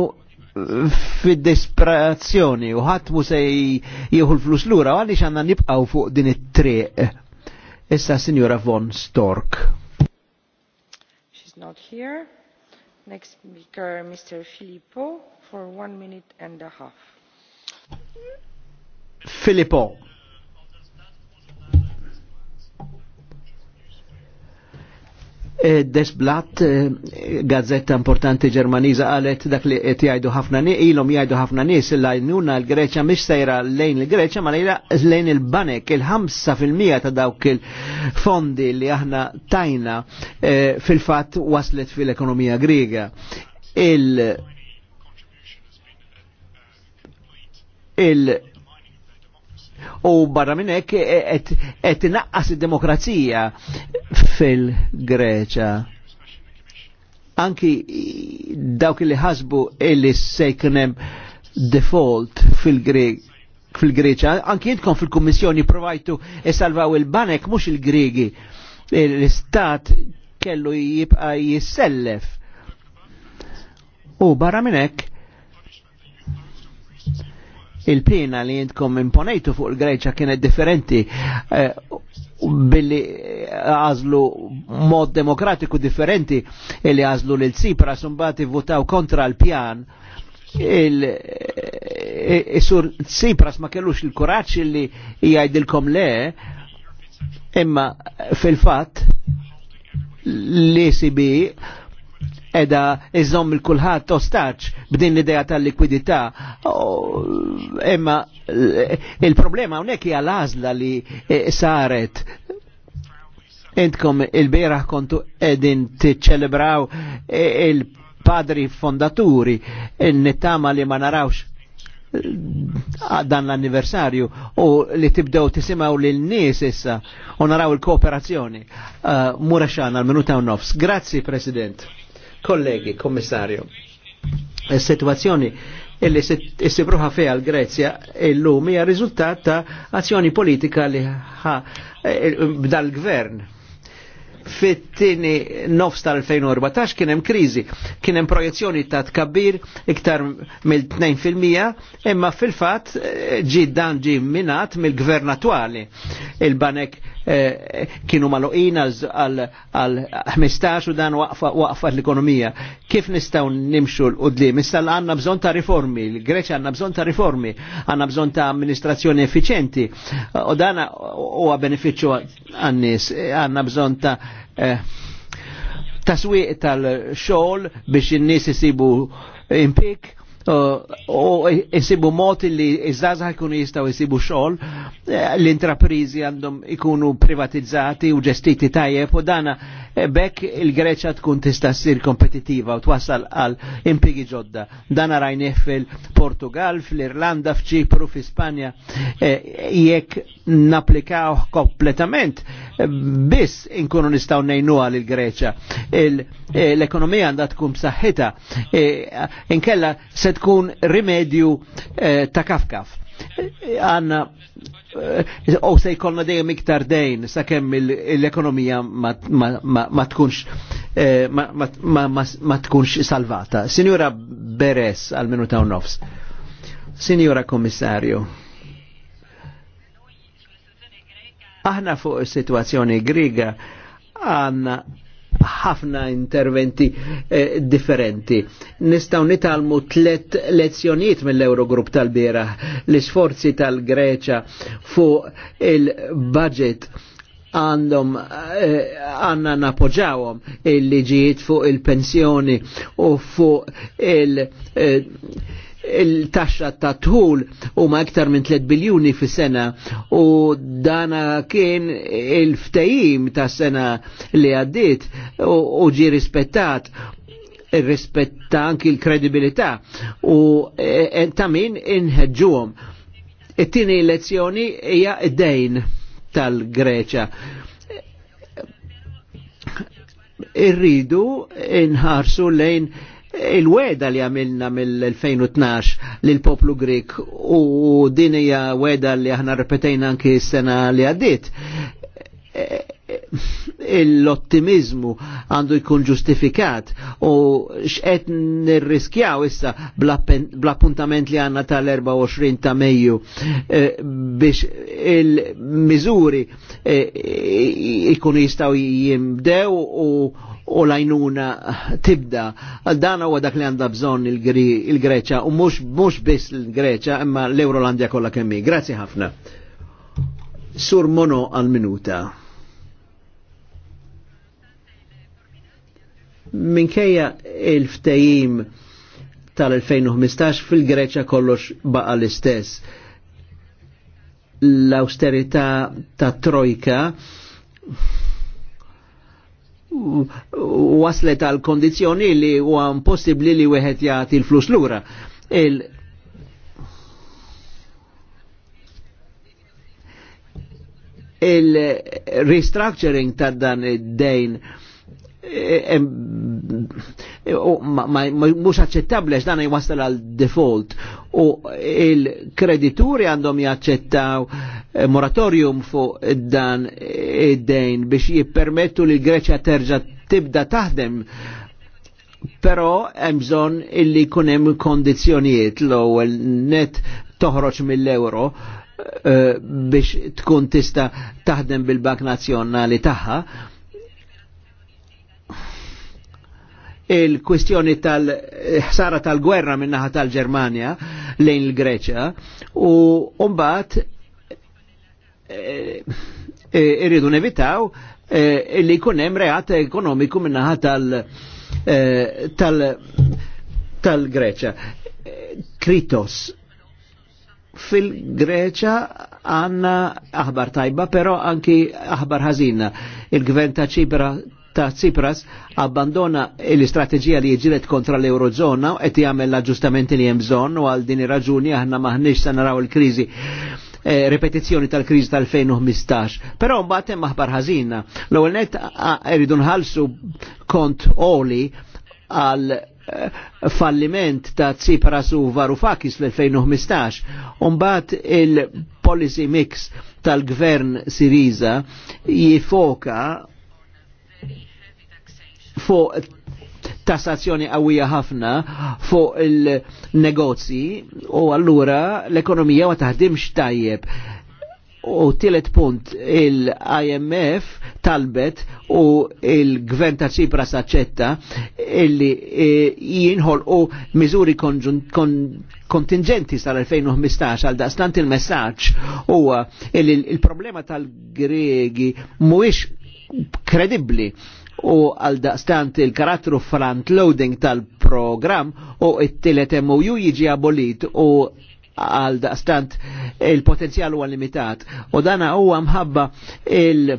fid-desperazzjoni u ħatmu se jieħu l-flus lura għalli xanna nibqaw fuq din it-triq. Issa Signora Von Stork. She's not here. Next speaker, Mr. Filippo, for one minute and a half. Filippo. E, Desblatt, e, gazzetta importanti ġermaniza, għalet dak li qed jgħidu ħafna nies, ilhom jgħidu ħafna nies l jnuna l-Greċja mhix sejra lejn il-Greċja ma lejla lejn il-banek, il-5% ta' dawk il-fondi li aħna tajna e, fil-fatt waslet fil-ekonomija Griega. il u barra minn hekk qed inaqqas id-demokrazija fil-Greċa. Anki dawk li ħasbu illi se default fil-Greċa anki jitkom fil-Kommissjoni provajtu salvaw il-banek mux il-Gregi, l-Istat kellu jibqa jissellef. U barra minnek, il-pena li jintkom imponejtu fuq il-Greċa kienet differenti eh, billi eh, għazlu mod demokratiku differenti li għazlu l tsipra sumbati votaw kontra l-pjan il-sur eh, Tsipras ma kellux il-kuraċ li jgħajdilkom le imma fil-fat l-ECB edha iżomm il-kulħadd ostaċ b'din l-idea tal-likwidità. Imma il-problema unek hija l-għażla li eh, saret Intkom il-beraħ kontu edin tiċċelebraw eh, il-padri fondaturi, il-nittama eh, li ma narawx dan l-anniversarju u li tibdew tisimaw l nies issa u naraw il-kooperazzjoni. Uh, Mura xana, l-minuta u nofs. Grazzi, President. Kollegi, kommissarju, il-situazzjoni illi s bruħa feja l-Grezja illum hija rizultat ta' azzjoni politika li eh, eh, bdal-gvern fit-tini nofs tal-2014 kienem krizi, kienem projezzjoni ta' tkabbir iktar mill-2% imma fil-fat eh, ġi dan ġi minat mill-gvern attuali. Il-banek eh, kienu maluqin għal 15 u dan waqfa l-ekonomija. Kif nistaw nimxu l-qoddim? Issa għanna bżon ta' riformi, l-Greċa għanna bżon ta' riformi, għanna bżon ta' amministrazzjoni effiċenti u dan huwa beneficju għannis, għanna bżon ta' Eh, taswiq tal xol biex in-nies isibu impik u eh, jisibu moti li iż-żaza jkunu jistaw jisibu xol, eh, l-intraprizi għandhom ikunu privatizzati u ġestiti tajjeb u dana E bekk il-Greċa tkun tista' ssir kompetitiva u twassal għal impigi ġodda. Dan rajnih fil-Portugal, fil-Irlanda, f'Ċipru, fil-Spanja, e, jekk naplikaw kompletament e, biss inkunu nistgħu għal il Greċa. L-ekonomija għandha tkun b'saħħitha inkella se tkun rimedju ta' kafkaf għanna u eh, oh, se jkollna dejjem iktar dejn sakemm l-ekonomija ma tkunx eh, ma tkunx salvata. Sinjura Beres għal minuta u nofs. Sinjura Kommissarju. Aħna fuq is-sitwazzjoni griga għanna ħafna interventi eh, differenti. Nistaw nitalmu tlet lezzjoniet mill-Eurogrupp tal-bira, l-sforzi tal-Greċa fuq il-budget għandhom eh, għanna eh, napoġawom il-liġijiet fuq il-pensjoni u fuq il- eh, il-taxxa ta' tħul u ma' iktar minn 3 biljuni fi sena u dana kien il-ftajim ta' sena li għaddit u ġi rispettat rispetta anki l-kredibilità u e, e ta' min inħedġuhom. It-tieni lezzjoni hija id-dejn tal-Greċa. Irridu inħarsu lejn il-weda li għamilna mill-2012 l poplu Grek u din hija weda li aħna repetejna anki s-sena li għaddit. E, e, l-ottimizmu għandu jkun ġustifikat u x'qed nirriskjaw issa bl-appuntament li għanna tal-24 ta' Mejju e, biex il-miżuri jkunu jistgħu jimdew u u lajnuna tibda. Dan huwa dak li għandha bżonn il-Greċa il u mhux biss il-Greċa imma l-Eurolandja kollha kemm Grazzi ħafna. Sur Mono għal minuta. Minkejja il-ftejim tal-2015 fil-Greċa kollox baqa l-istess. l austerita ta' trojka waslet għal kondizjoni li u għan possibli li weħet jagħti l-flus lura. Il il-restructuring tad dan id-dejn il Eh, mux aċċettabli għax dan jwassal għal default u il-kredituri għandhom jaċċettaw eh, moratorium fuq dan eh, id-dejn biex jippermettu li l-Greċja terġa tibda taħdem pero hemm bżonn illi jkun hemm kondizzjonijiet l-ewwel net toħroġ mill-euro biex tkun tista taħdem bil-Bank Nazzjonali tagħha il-kwistjoni tal-ħsara tal-gwerra minnaħa tal-Germania lejn il-Greċa u umbat eh, eh, irridu nevitaw eh, li kunem reat ekonomiku minnaħa tal- greċa Kritos fil-Greċa għanna aħbar tajba, pero anki aħbar ħazina. Il-gvern ta' Ċipra ta' Tsipras abbandona l-istrateġija li jġilet kontra l-Eurozona qed jagħmel l-aġġustamenti li hemm bżonn u għal din raġuni aħna maħniex se naraw il-kriżi E, eh, repetizzjoni tal-kriżi tal-2015. Però mbagħad hemm aħbar ħażina. L-ewwel net iridu nħallsu kont oli għal eh, falliment ta' Tsipras u Varoufakis l-2015. mbagħad il-policy mix tal-gvern Siriza jifoka fuq tassazzjoni qawwija ħafna fuq il-negozji u allura l-ekonomija ma taħdimx tajjeb. U tielet punt, il-IMF talbet u il-gvern ta' Ċipra saċċetta illi e, jienħol u miżuri kontingenti sal-2015 għal daqstant il-messaġġ huwa il-problema tal-Gregi mhuwiex kredibbli u għal daqstant il-karattru front loading tal-program u it-tilet MOU jiġi abolit u għal daqstant il-potenzjal huwa limitat. U dana huwa mħabba il-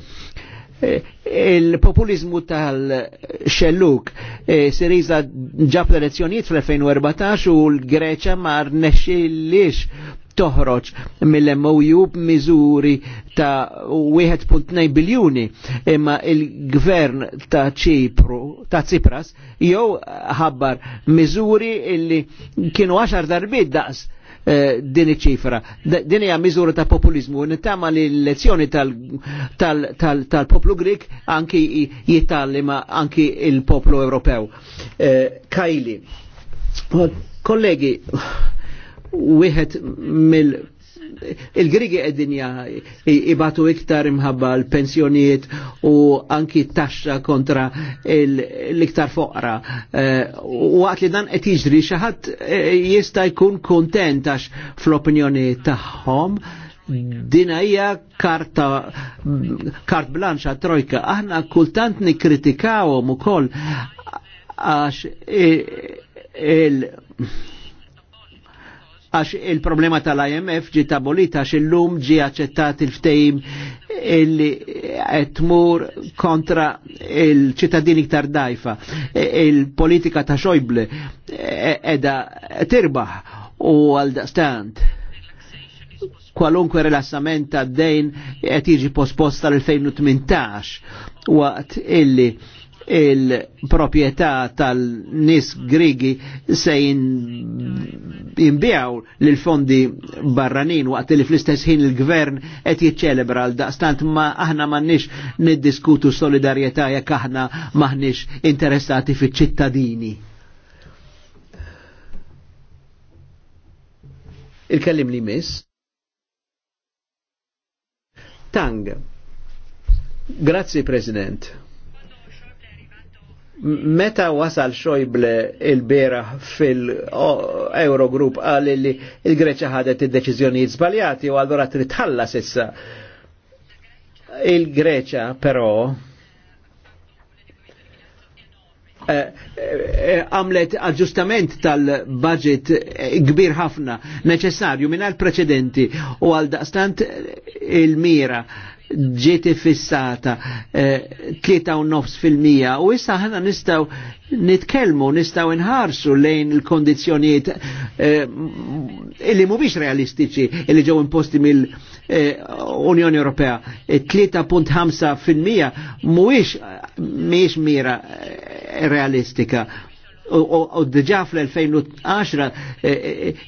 il-populizmu tal-xelluk e, Siriza ġab l-elezzjonijiet fl-2014 u l-Greċa ma rnexxilix toħroġ mill-MOU b'miżuri ta' 1.2 biljuni imma il-gvern ta' Ċipru, ta' Tsipras, jew ħabbar miżuri illi kienu 10 darbid daqs eh, din iċifra. Din hija miżura ta' populizmu u nittama li l-lezzjoni tal-poplu Grik anki ma' anki il-poplu Ewropew. Eh, Kajli, kollegi, wieħed mill il-Grigi ed-dinja ibatu iktar imħabba l-pensjoniet u anki taxxa kontra l-iktar foqra. Eh, u għat li dan qed jiġri xaħat eh, jista' jkun kontent għax fl-opinjoni tagħhom din hija karta kart blanċa trojka. Aħna kultant nikkritikawhom ukoll għax il għax il-problema tal-IMF ġi tabolita għax il-lum ġi aċċettat il-ftejim illi għetmur kontra il-ċittadini ktar dajfa. Il-politika ta' xojble edha tirbaħ u għal-dastant kwalunkwe rilassament ta' dejn qed jiġi posposta l-2018 waqt illi il-propieta tal-nis grigi se jinbijaw l-fondi barranin waqt li fl-istess ħin il-gvern qed jiċċelebra għal daqstant ma aħna m'għandniex niddiskutu solidarjetà jekk aħna m'aħniex interessati fiċ-ċittadini. Il-kellim li miss. Tang. Grazie President. Meta wasal xojble il-bera fil eurogrup għal li il-Greċa ħadet id deċizjoni zbaljati u għallura tritħalla sissa. Il-Greċa però eh, eh, għamlet aġġustament tal-budget eh, kbir ħafna neċessarju minn għal preċedenti u għal daqstant il-mira ġieti fissata 3.9% eh, u issa ħana nistaw nitkelmu, nistaw inħarsu lejn il-kondizjoniet eh, illi biex realistiċi illi ġew imposti mill eh, Unjoni Ewropea. 3.5% mu biex mira realistika u diġa fl-2010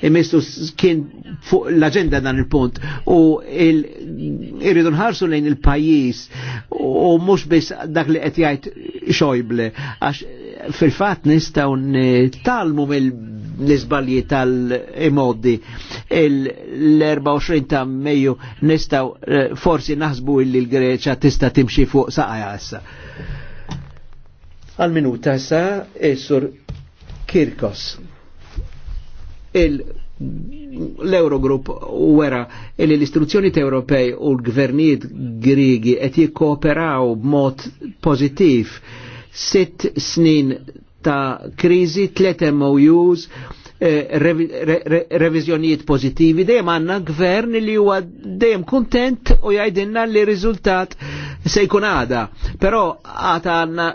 emissu eh, eh, eh, kien fuq l-agenda dan il-punt u irridu nħarsu lejn il-pajis u mux biss dak li qed jgħid xojble għax fil-fatt nistgħu talmu mill-nisbalji tal-imoddi l-24 ta' meju nistgħu forsi naħsbu illi l-Greċa tista' timxi fuq saqajja issa. Għal minuta sa e Sur Kirkos. L-Eurogrupp wera għera l-istruzzjoni Ewropej u l-gvernijiet Grigi qed jikkooperaw b'mod pozitiv sitt snin ta' kriżi, tlet MOUs, Eh, revizjonijiet pozittivi, dejjem għandna gvern li huwa dejjem kuntent u jgħidilna li riżultat se jkun għada. Però għadna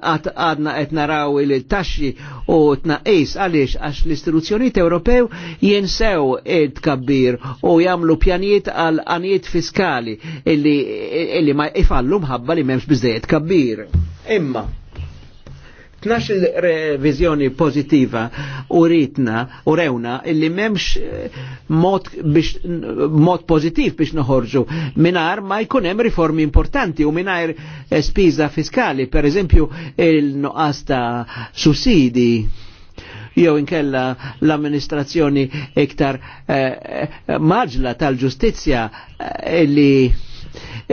qed naraw il-taxxi u tnaqis għaliex għax l-istituzzjonijiet Ewropew jinsew id-kabbir u jagħmlu pjanijiet għal anijiet fiskali illi ma jfallu mħabba li m'hemmx biżejjed kabbir. Imma Tnax il-revizjoni pozitiva u ritna u rewna illi memx eh, mod, biex, mod pozitiv biex noħorġu minar ma jkunem riformi importanti u minar eh, spiza fiskali, per eżempju il-noqas ta' sussidi jew inkella l-amministrazzjoni iktar eh, eh maġla tal-ġustizja eh, li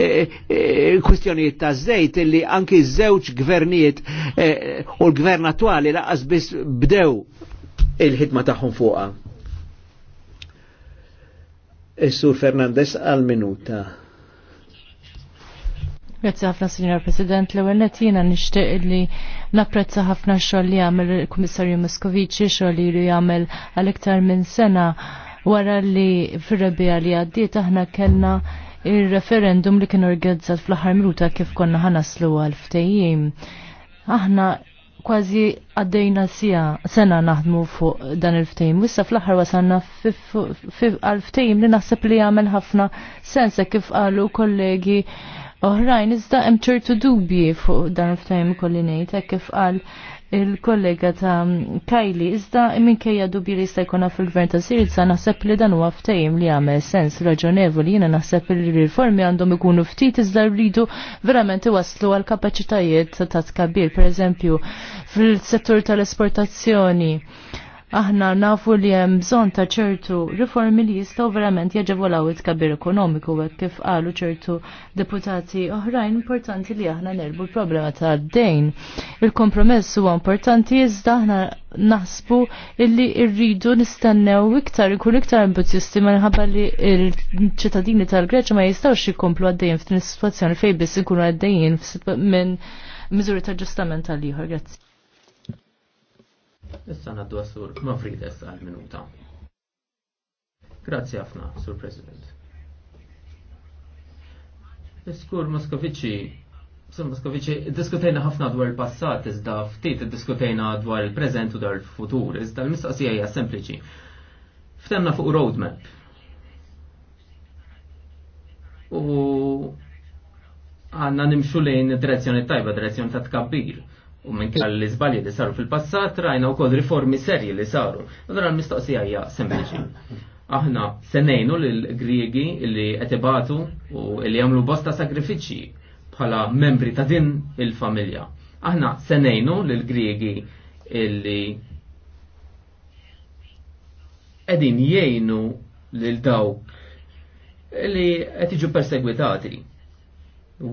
Eh, eh, kwistjonijiet ta' zejt illi anki zewċ gvernijiet eh, u l-gvern attuali laqas biss bdew il-ħidma tagħhom fuqha. Is-Sur Fernandez għal minuta. Grazie ħafna, Signor President. L-ewwel qed jiena nixtieq li napprezza ħafna xogħol li jagħmel il-Kummissarju Moskoviċi xogħol li jagħmel għal iktar minn sena wara li fir-rebija li għaddiet aħna kellna il-referendum li kien organizzat fl-aħħar minuta kif konna ħanaslu għal ftejjim. Aħna kważi għaddejna sija sena naħdmu fuq dan il-ftejm. Wissa fl aħħar wasanna għal ftejim li naħseb li għamel ħafna sensa e kif għalu kollegi oħrajn. Iżda hemm ċertu dubji fuq dan il-ftejm kolli ngħid e kif qal il-kollega ta' Kajli, iżda minkejja dubi li jista' jkun fil-gvern ta' Sirza naħseb li dan huwa għaftajim li għame sens raġonevoli jiena naħseb li l-riformi għandhom ikunu ftit iżda rridu verament iwaslu għal kapaċitajiet ta' tkabbir, pereżempju fil-settur tal-esportazzjoni aħna nafu li hemm bżonn ta' ċertu riformi li jistgħu verament jaġevolaw it-kabir ekonomiku hekk kif qalu ċertu deputati oħrajn importanti li aħna nerbu l-problema ta' dejn. Il-kompromess huwa importanti iżda aħna naħsbu illi rridu nistennew iktar ikun iktar ambizjusti minħabba li l-ċittadini tal-Greċa ma jistgħux jikomplu għaddejjin f'din is-sitwazzjoni fejn biss ikunu għaddejjin minn miżuri ta' ġustament tal-ieħor. Grazzi. Issa naddu għasur Mavrides għal-minuta. Grazzi ħafna, Sur President. Iskur Moskovici, Sur Moskovici, diskutejna ħafna dwar il-passat, iżda ftit diskutejna dwar il-prezent u dwar il-futur, iżda l-mistaqsija hija sempliċi. Ftemna fuq roadmap. U għanna nimxu lejn direzzjoni tajba, direzzjoni ta' tkabbir U minn kell li izbalji li saru fil-passat rajna u kol riformi serji li saru. Għadra l-mistoqsija hija sempliċi. Aħna senejnu l-Griegi li għetibatu u li għamlu bosta sakrifiċi bħala membri ta' din il-familja. Aħna senejnu l-Griegi li għedin jgħinu l-dawk li qed jiġu persegwitati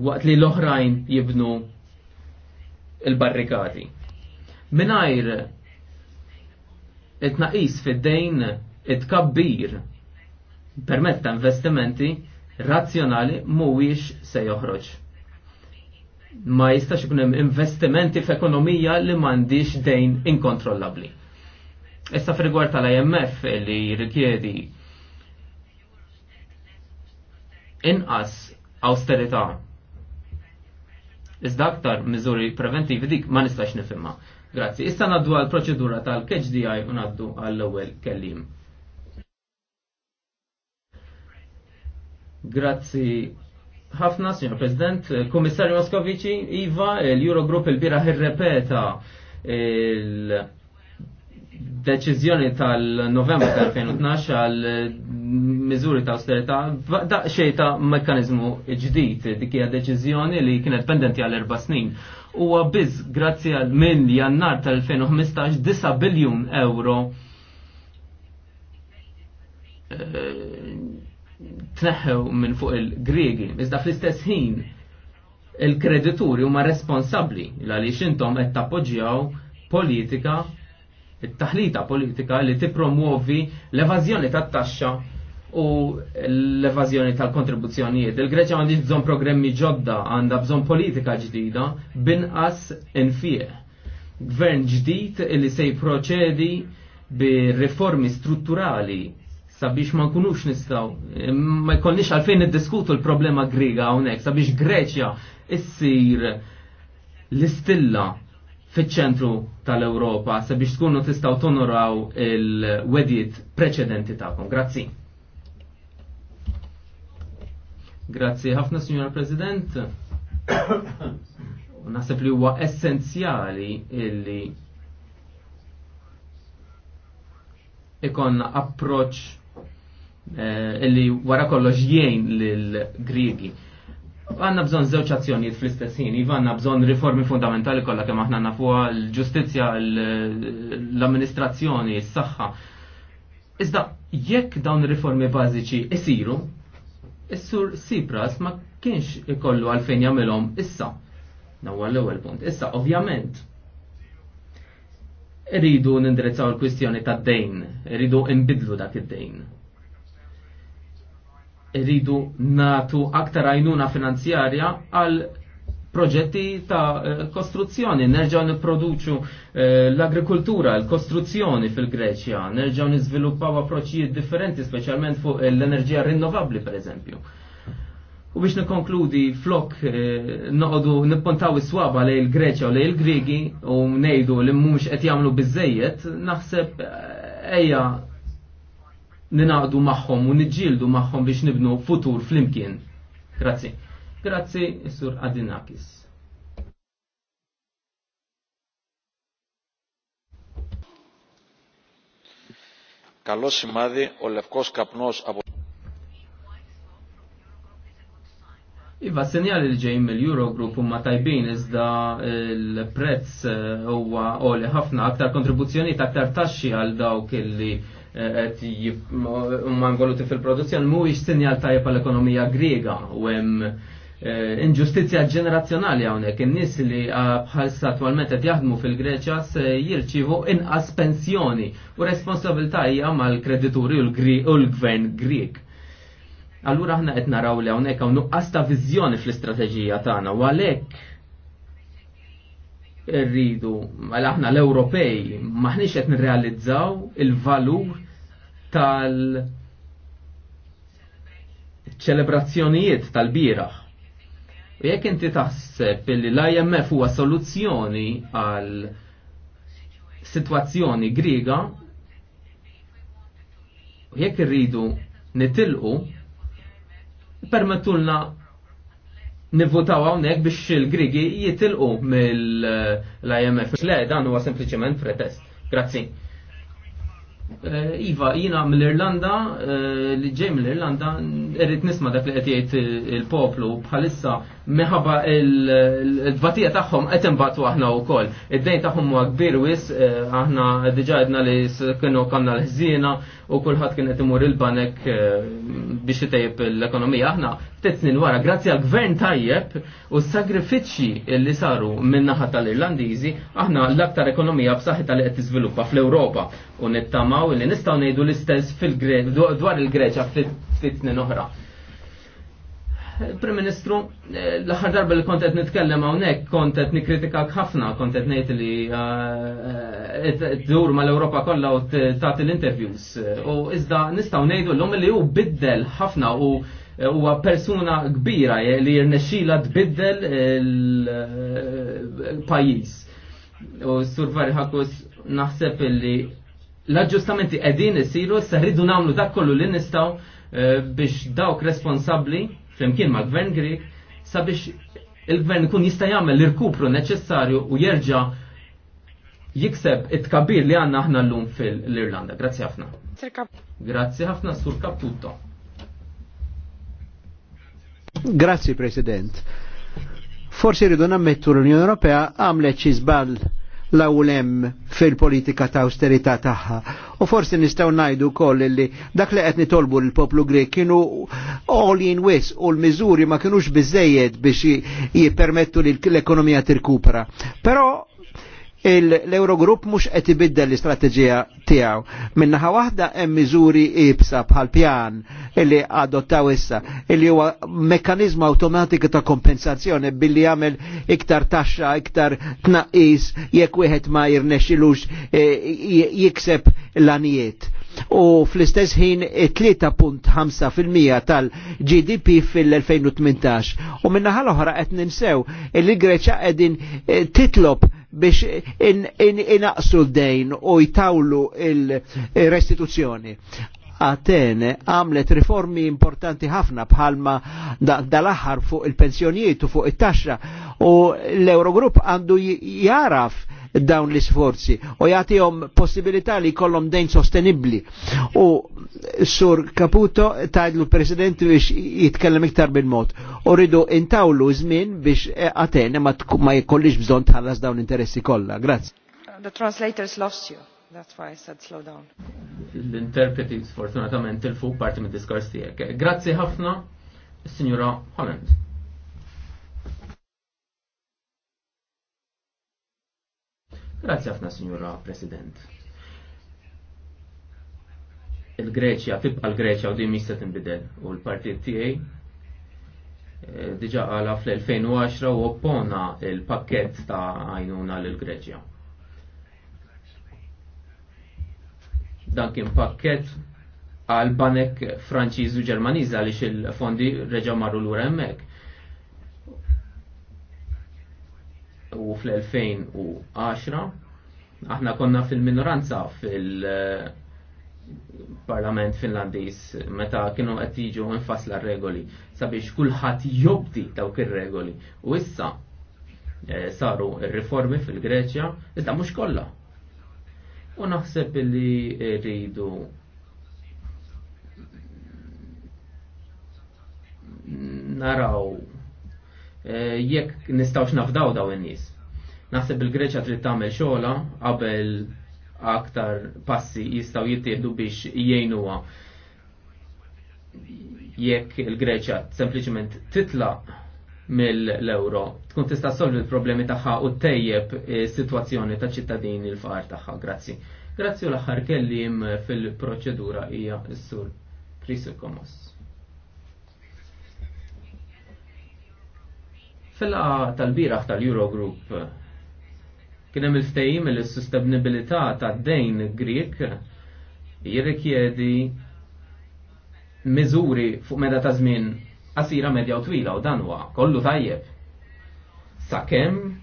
waqt li l-oħrajn jibnu il-barrikati. Minajr it-naqis fid-dejn it-kabbir permetta ta' investimenti razzjonali mhuwiex se joħroġ. Ma jistax ikun hemm investimenti f'ekonomija li m'għandix dejn inkontrollabbli. Issa f'rigward tal-IMF li jirrikjedi inqas austerità Iżda aktar miżuri preventivi dik ma nistax nifimma. Grazzi. Issa naddu għal proċedura tal-KHDI u naddu għall-ewwel kellim. Grazzi ħafna, Signor President, Kummissarju Moskovici, Iva, l-Eurogroup il-bira ħirrepeta il-, il deċiżjoni tal-Novembru tal-2012 għal mm, miżuri ta' austerità xej ta' mekkanizmu ġdid dik hija deċiżjoni li kienet pendenti għal erba' snin. Huwa biż grazzi għal minn jannar tal-2015 9 biljun euro eh, tneħħew minn fuq il-Griegi. Iżda fl-istess ħin il-kredituri huma responsabbli għaliex intom qed tappoġġjaw politika it-taħlita politika li tipromuovi l-evażjoni tat-taxxa u l-evażjoni tal-kontribuzzjonijiet. Il-Greċja għandix bżonn programmi ġodda, għandha bżonn politika ġdida binqas infieq. Gvern ġdid li se jipproċedi bi riformi strutturali sabiex ma nkunux nistaw, ma jkollniex għalfejn id-diskutu l-problema griga hawnhekk sabiex Greċja issir l-istilla fiċ-ċentru tal-Europa sabiex tkunu tistaw tonoraw il-wedjiet preċedenti ta'kom. Grazzi. Grazzi ħafna, Signor President. *coughs* Nasib li huwa essenzjali illi ikon approċ eh, illi wara kollox jgħin lil Griegi Għanna bżon zewċ azzjonijiet fl-istess ħin, iva, għanna bżon riformi fundamentali kollha kemm aħna fuqa l-ġustizzja, l-amministrazzjoni, s-saħħa. Iżda jekk dawn riformi bażiċi jisiru, is-sur Sipras ma kienx ikollu għalfejn jagħmilhom issa. Nawwa l-ewwel punt. Issa ovvjament rridu nindirizzaw il-kwistjoni tad-dejn, rridu nbidlu dak id-dejn rridu natu aktar għajnuna finanzjarja għal proġetti ta' eh, kostruzzjoni, nerġaw niproduċu eh, l-agrikultura, l-kostruzzjoni fil-Greċja, nerġaw nizviluppaw approċċijiet differenti, speċjalment fuq eh, l-enerġija rinnovabli, per eżempju. U biex nikonkludi, flok noqdu nippontaw iswaba swaba lej l greċja u lej l grigi u nejdu li mhux qed jagħmlu biżejjed, naħseb ejja ninaqdu magħhom u niġġieldu magħhom biex nibnu futur flimkien. Grazzi. Grazzi, Sur Adinakis. Καλό σημάδι, ο λευκός καπνός από... Iva, senjali li ġejn mill-Eurogroup huma tajbin iżda l-prezz eh, huwa oli ħafna aktar kontribuzzjoni aktar taxxi għal dawk illi umma involuti fil-produzzjoni mhuwiex sinjal tajjeb għall ekonomija griega u hemm eh, inġustizja ġenerazzjonali hawnhekk in-nies li ah, bħalissa attwalment qed jaħdmu fil-Greċja se jirċievu inqas pensjoni u responsabilità hija mal-kredituri u l-gvern Grieg. Allura aħna qed naraw li hawnhekk hawn nuqqas ta' viżjoni fl-istrateġija tagħna u għalhekk irridu għal aħna l-Ewropej maħniex qed nirrealizzaw il-valur tal ċelebrazzjonijiet tal-biraħ. U jekk inti taħseb li l-IMF huwa soluzzjoni għal situazzjoni griga, u jekk irridu nitilqu, permettulna nivvotaw hawnhekk biex il-Grigi jitilqu mill-IMF. Le, dan huwa sempliċement pretest. Grazzi. Eh, iva, jina mill-Irlanda, eh, li ġej mill-Irlanda, irrit nisma dak li qed jgħid il-poplu bħalissa meħaba l tbatija tagħhom qed imbagħtu aħna wkoll. Id-dejn tagħhom huwa kbir wis eh, aħna diġà għedna li kienu kamna l-ħżiena, u kulħadd kien qed imur il-banek eh, biex itejjeb l-ekonomija. Aħna ftit snin wara, grazzi għal gvern tajjeb u s-sagrifiċċji li saru min-naħa tal-Irlandiżi, aħna l-aktar ekonomija b'saħħitha li qed tiżviluppa fl-Ewropa u nittamaw li nistgħu ngħidu l-istess fil-Greġ dwar il-Greċa ftit snin oħra. Prim Ministru, eh, l-aħħar darba li kontet nitkellem hawnhekk kontet nikritika ħafna, kontet ngħid li ma eh, eh, mal-Ewropa kollha u tagħti l-interviews. U iżda nistgħu ngħidu l li hu biddel ħafna u huwa persuna kbira li t tbiddel l pajjiż U Survari ħakus naħseb li l-aġġustamenti qegħdin isiru s rridu nagħmlu dak kollu li nistgħu biex dawk responsabbli flimkien ma' gvern Grek sabiex il-gvern kun jista' jagħmel l-irkupru neċessarju u jerġa' jikseb it-kabir li għanna aħna l-lum fil-Irlanda. Grazzi ħafna. Grazzi ħafna sur Caputo. Grazzi President. Forsi rridu nammettu l-Unjoni Ewropea għamlet xi żball l-awlem fil-politika ta' austerità tagħha. U forsi nistgħu ngħidu wkoll li dak li qed nitolbu l-poplu Grek kienu all in wis u l-miżuri ma kinux biżejjed biex jippermettu li l-ekonomija tirkupra. Però l-Eurogrupp mhux qed ibiddel l-istrateġija tiegħu. Minnaħa waħda hemm miżuri ibsa bħal pjan li adottaw issa li huwa mekkaniżmu awtomatiku ta' kompensazzjoni billi jagħmel iktar taxxa, iktar tnaqqis jekk wieħed ma jirnexxilux eh, jikseb l-anijiet u fl-istess ħin 3.5% tal-GDP fil-2018. U minna ħal-oħra qed ninsew li Greċa qegħdin eh, titlob biex inaqsu in, in, in l-dejn u jtawlu il-restituzzjoni. Atene għamlet riformi importanti ħafna bħalma dal-aħħar fuq il-pensjonijiet u fuq it-taxxa u l-Eurogrupp għandu jaraf dawn l-isforzi u jagħtihom possibilità li jkollhom dejn sostenibbli. U sur Caputo tajdlu president biex jitkellem iktar bil-mod. U rridu intawlu żmien biex eh, Atene ma jkollix bżonn tħallas dawn interessi kollha. Grazzi. The translators lost you. That's why I said slow down. L-interpreti sfortunatament il-fuq parti mid diskors tiegħek. Grazzi ħafna, Signora Holland. Grazzi ħafna, Signora President. Il-Greċja, tibqa l-Greċja u din mista tinbidel u l-partit tiegħi eh, diġa għala fl-2010 u oppona il-pakket ta' għajnuna l-Greċja. Dan kien pakket għal banek Franċiż u Ġermaniż għaliex il-fondi reġa' marru lura hemmhekk. U fl-2010 aħna konna fil-minoranza fil-, parlament Finlandiż meta kienu qed jiġu infasla regoli sabiex kulħadd jobdi dawk ir-regoli. U issa eh, saru r-riformi fil-Greċja, iżda mhux kollha u naħseb li rridu naraw eh, jekk nistawx nafdaw daw in-nies. Naħseb il-Greċja trid tagħmel xogħla qabel aktar passi jistgħu jittieħdu biex jgħinuha jekk il-Greċja sempliċement titlaq mill-euro. Tkun tista' solvi l-problemi tagħha u tejjeb is-sitwazzjoni eh, ta' ċittadini l-faqar tagħha. Grazzi. Grazzi u l-aħħar kellim fil-proċedura hija s-sur Krisokomos. Fil-laqa tal-biraħ tal-Eurogroup kien hemm il-ftehim li s-sustenibilità tad-dejn Grik jirrikjedi miżuri fuq meta ta' żmien qasira medja u twila u dan huwa kollu tajjeb. Sakemm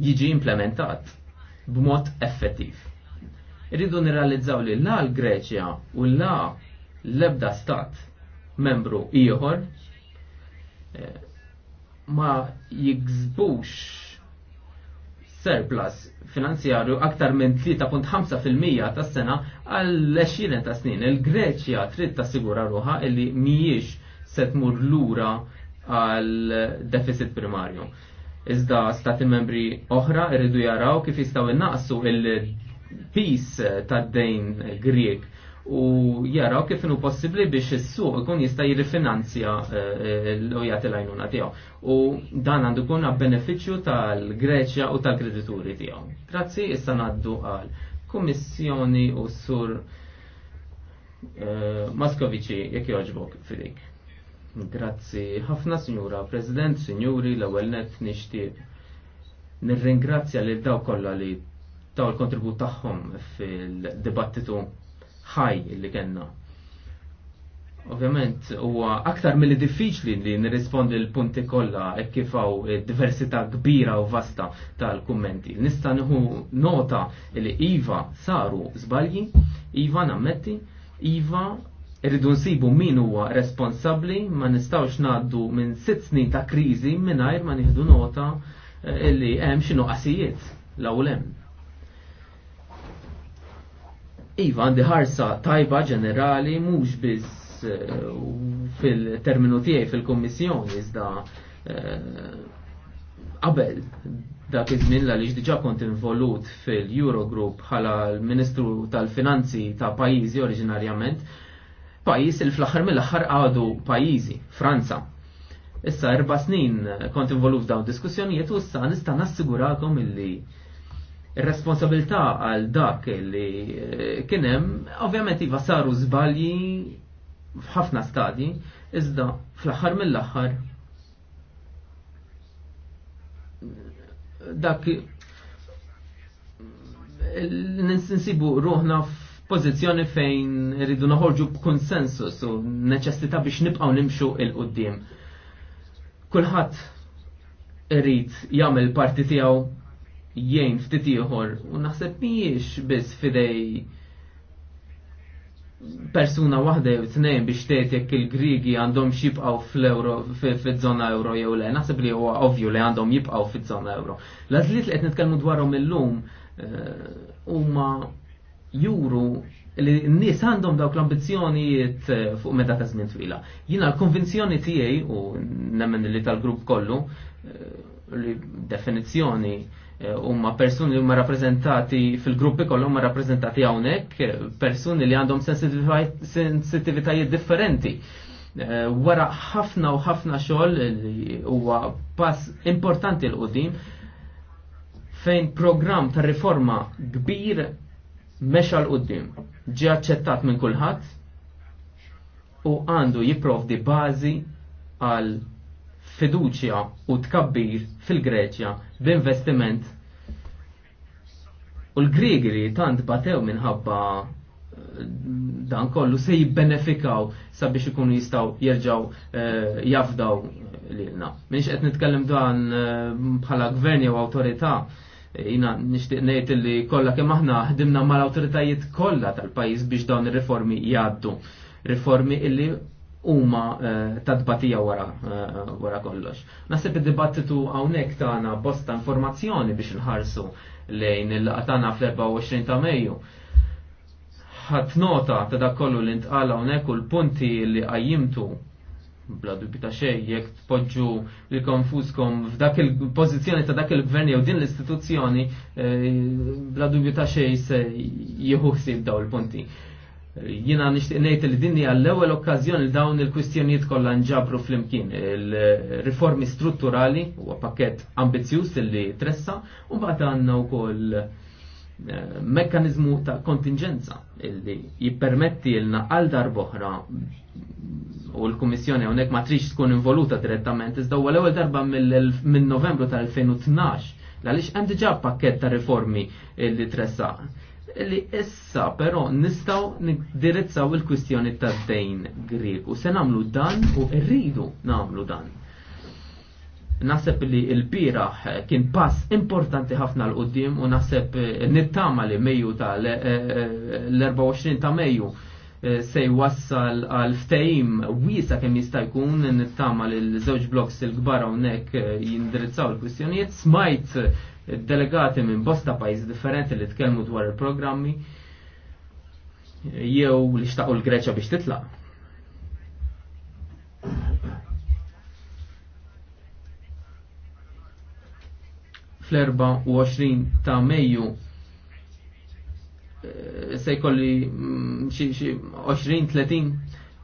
jiġi implementat b'mod effettiv. Irridu nirrealizzaw li la l-Greċja u la l-ebda stat membru ieħor eh, ma jigżbux surplus finanzjarju aktar minn 3.5% tas sena għal 20 ta' snin. Il-Greċja trid tassigura ruħa illi mhijiex se tmur lura għal deficit primarju. Iżda stati membri oħra irridu jaraw kif jistgħu innaqsu il-pis tad-dejn Grieg u jaraw kif inhu possibbli biex is-suq ikun jista' jirrifinanzja eh, l jagħti l-għajnuna tiegħu. U dan għandu jkun għab-benefiċċju tal-Greċja u tal-kredituri tiegħu. Grazzi issa ngħaddu għal Kummissjoni u Sur eh, Maskoviċi jekk jogħġbok fidik. Grazzi ħafna Sinjura President, Sinjuri l-ewwel net nixtieq nirringrazzja lil daw kollha li taw il-kontribut tagħhom fil-dibattitu ħaj li kellna. Ovvjament, huwa aktar mill diffiċli li nirrispondi l-punti kollha e kifaw diversità kbira u vasta tal-kummenti. Nista' nħu nota li iva saru żbalji, iva nammetti, iva irridu nsibu min huwa responsabbli, ma nistgħux ngħaddu minn sitt snin ta' kriżi mingħajr ma nieħdu nota eh, li hemm xi noqasijiet l-ewwel Iva, għandi ħarsa tajba ġenerali, mhux biss eh, fil-terminu tiegħi fil-kommissjoni, iżda eh, qabel dak iż-żmien li diġà kont involut fil-Eurogroup bħala l-Ministru tal-Finanzi ta' pajjiżi oriġinarjament, pajjiż il fl-aħħar mill-aħħar għadu pajjiżi, Franza. Issa erba' snin kont involut f'dawn diskussjonijiet u issa nista' nassigurakom illi responsabilità għal dak li eh, kienem, ovvjament iva saru zbalji f'ħafna stadi, iżda fl-axar mill-axar dak ninsibu ruħna f'pożizzjoni fejn rridu naħorġu b'konsensus u neċessita biex nibqgħu nimxu il-qudiem. Kulħadd irid jagħmel parti tiegħu jgħin ftit ieħor u naħseb mhijiex biss fidej persuna waħda jew tnejn biex tgħid jekk il-Grigi għandhom jibqgħu fl-euro fiż-żona euro jew le, naħseb li huwa ovvju li għandhom jibqgħu fiż-żona euro. L-għażliet li qed nitkellmu dwarhom illum eh, huma juru li n-nies għandhom dawk l-ambizzjonijiet eh, fuq meta ta' żmien twila. Jiena l-konvinzjoni tiegħi u nemmen li tal-grupp kollu eh, li definizzjoni umma persuni li huma rappreżentati fil-gruppi kollu umma rappreżentati hawnhekk persuni li għandhom sensitivitajiet differenti. Eh, wara ħafna u ħafna xogħol li huwa pass importanti l qudim fejn programm ta' riforma kbir meċa l qudim ġie aċċettat minn kulħadd u għandu jipprovdi bażi għal fiduċja u tkabbir fil-Greċja b'investiment. U l grigri tant batew minħabba eh, dan kollu se jibbenefikaw sabiex ikunu jistaw jerġaw uh, jafdaw lilna. Minx qed nitkellem dan eh, bħala gvern jew autorita, jina nishtiq ngħid li kollha kemm aħna ħdimna mal-awtoritajiet kollha tal-pajjiż biex dawn ir-riformi jgħaddu. Riformi illi huma dbatija eh, wara eh, wara kollox. Naħseb id-dibattitu hawnhekk tagħna bosta informazzjoni biex nħarsu lejn il-qatana fl-24 ta' Mejju ħat nota ta' dak kollu li ntqala hawnhekk u l-punti li qajjimtu bla dubju ta' xejn jekk tpoġġu li konfuskom f'dak il-pożizzjoni ta' dak il-gvern jew din l-istituzzjoni eh, bla dubbi ta' xejn se jieħu ħsieb daw il-punti. Jina nixtieq ngħid li dinni għall-ewwel okkażjoni dawn il-kwistjonijiet kollha nġabru flimkien. Il-riformi strutturali huwa pakkett ambizjuż li tressa u mbagħad għandna wkoll eh, mekkanizmu ta' kontingenza li jippermetti l-na għal darboħra u l-Kummissjoni hawnhekk ma trix tkun involuta direttament iżda huwa l-ewwel darba minn Novembru tal-2012 għaliex hemm diġà pakkett ta' riformi li tressaq li issa però nistaw niddirizzaw il-kwistjoni ta' dejn u Se namlu dan u rridu namlu dan. Naħseb li l-biraħ kien pass importanti ħafna l-qoddim u naħseb eh, nittama li Mejju ta' l-24 eh, eh, ta' Mejju se jwassal għal ftehim wiesa kemm jista' jkun nittama li l-żewġ bloks il-kbar hawnhekk jindirizzaw il-kwistjonijiet smajt delegati minn bosta pajjiż differenti li tkellmu dwar il-programmi jew li xtaqu l-Greċa biex titlaq. fl-24 ta' Mejju eh, se jkolli mm, 20-30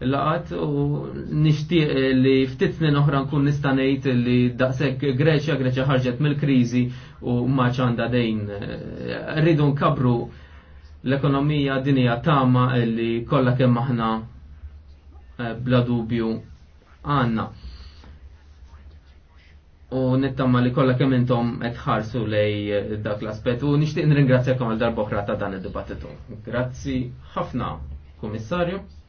laqat u nishtiq li ftit snin oħra nkun nista' ngħid li daqshekk Greċja Greċja ħarġet mill-kriżi u ma ċanda dejn. Rridu nkabru l-ekonomija dinija tama li kolla kemm aħna eh, bla dubju għandna. U nittama li kollha kemm intom qed lej eh, dak l-aspett u nixtieq nringrazzjakom għal darba ta' dan id-dibattitu. Grazzi ħafna, Komissarju.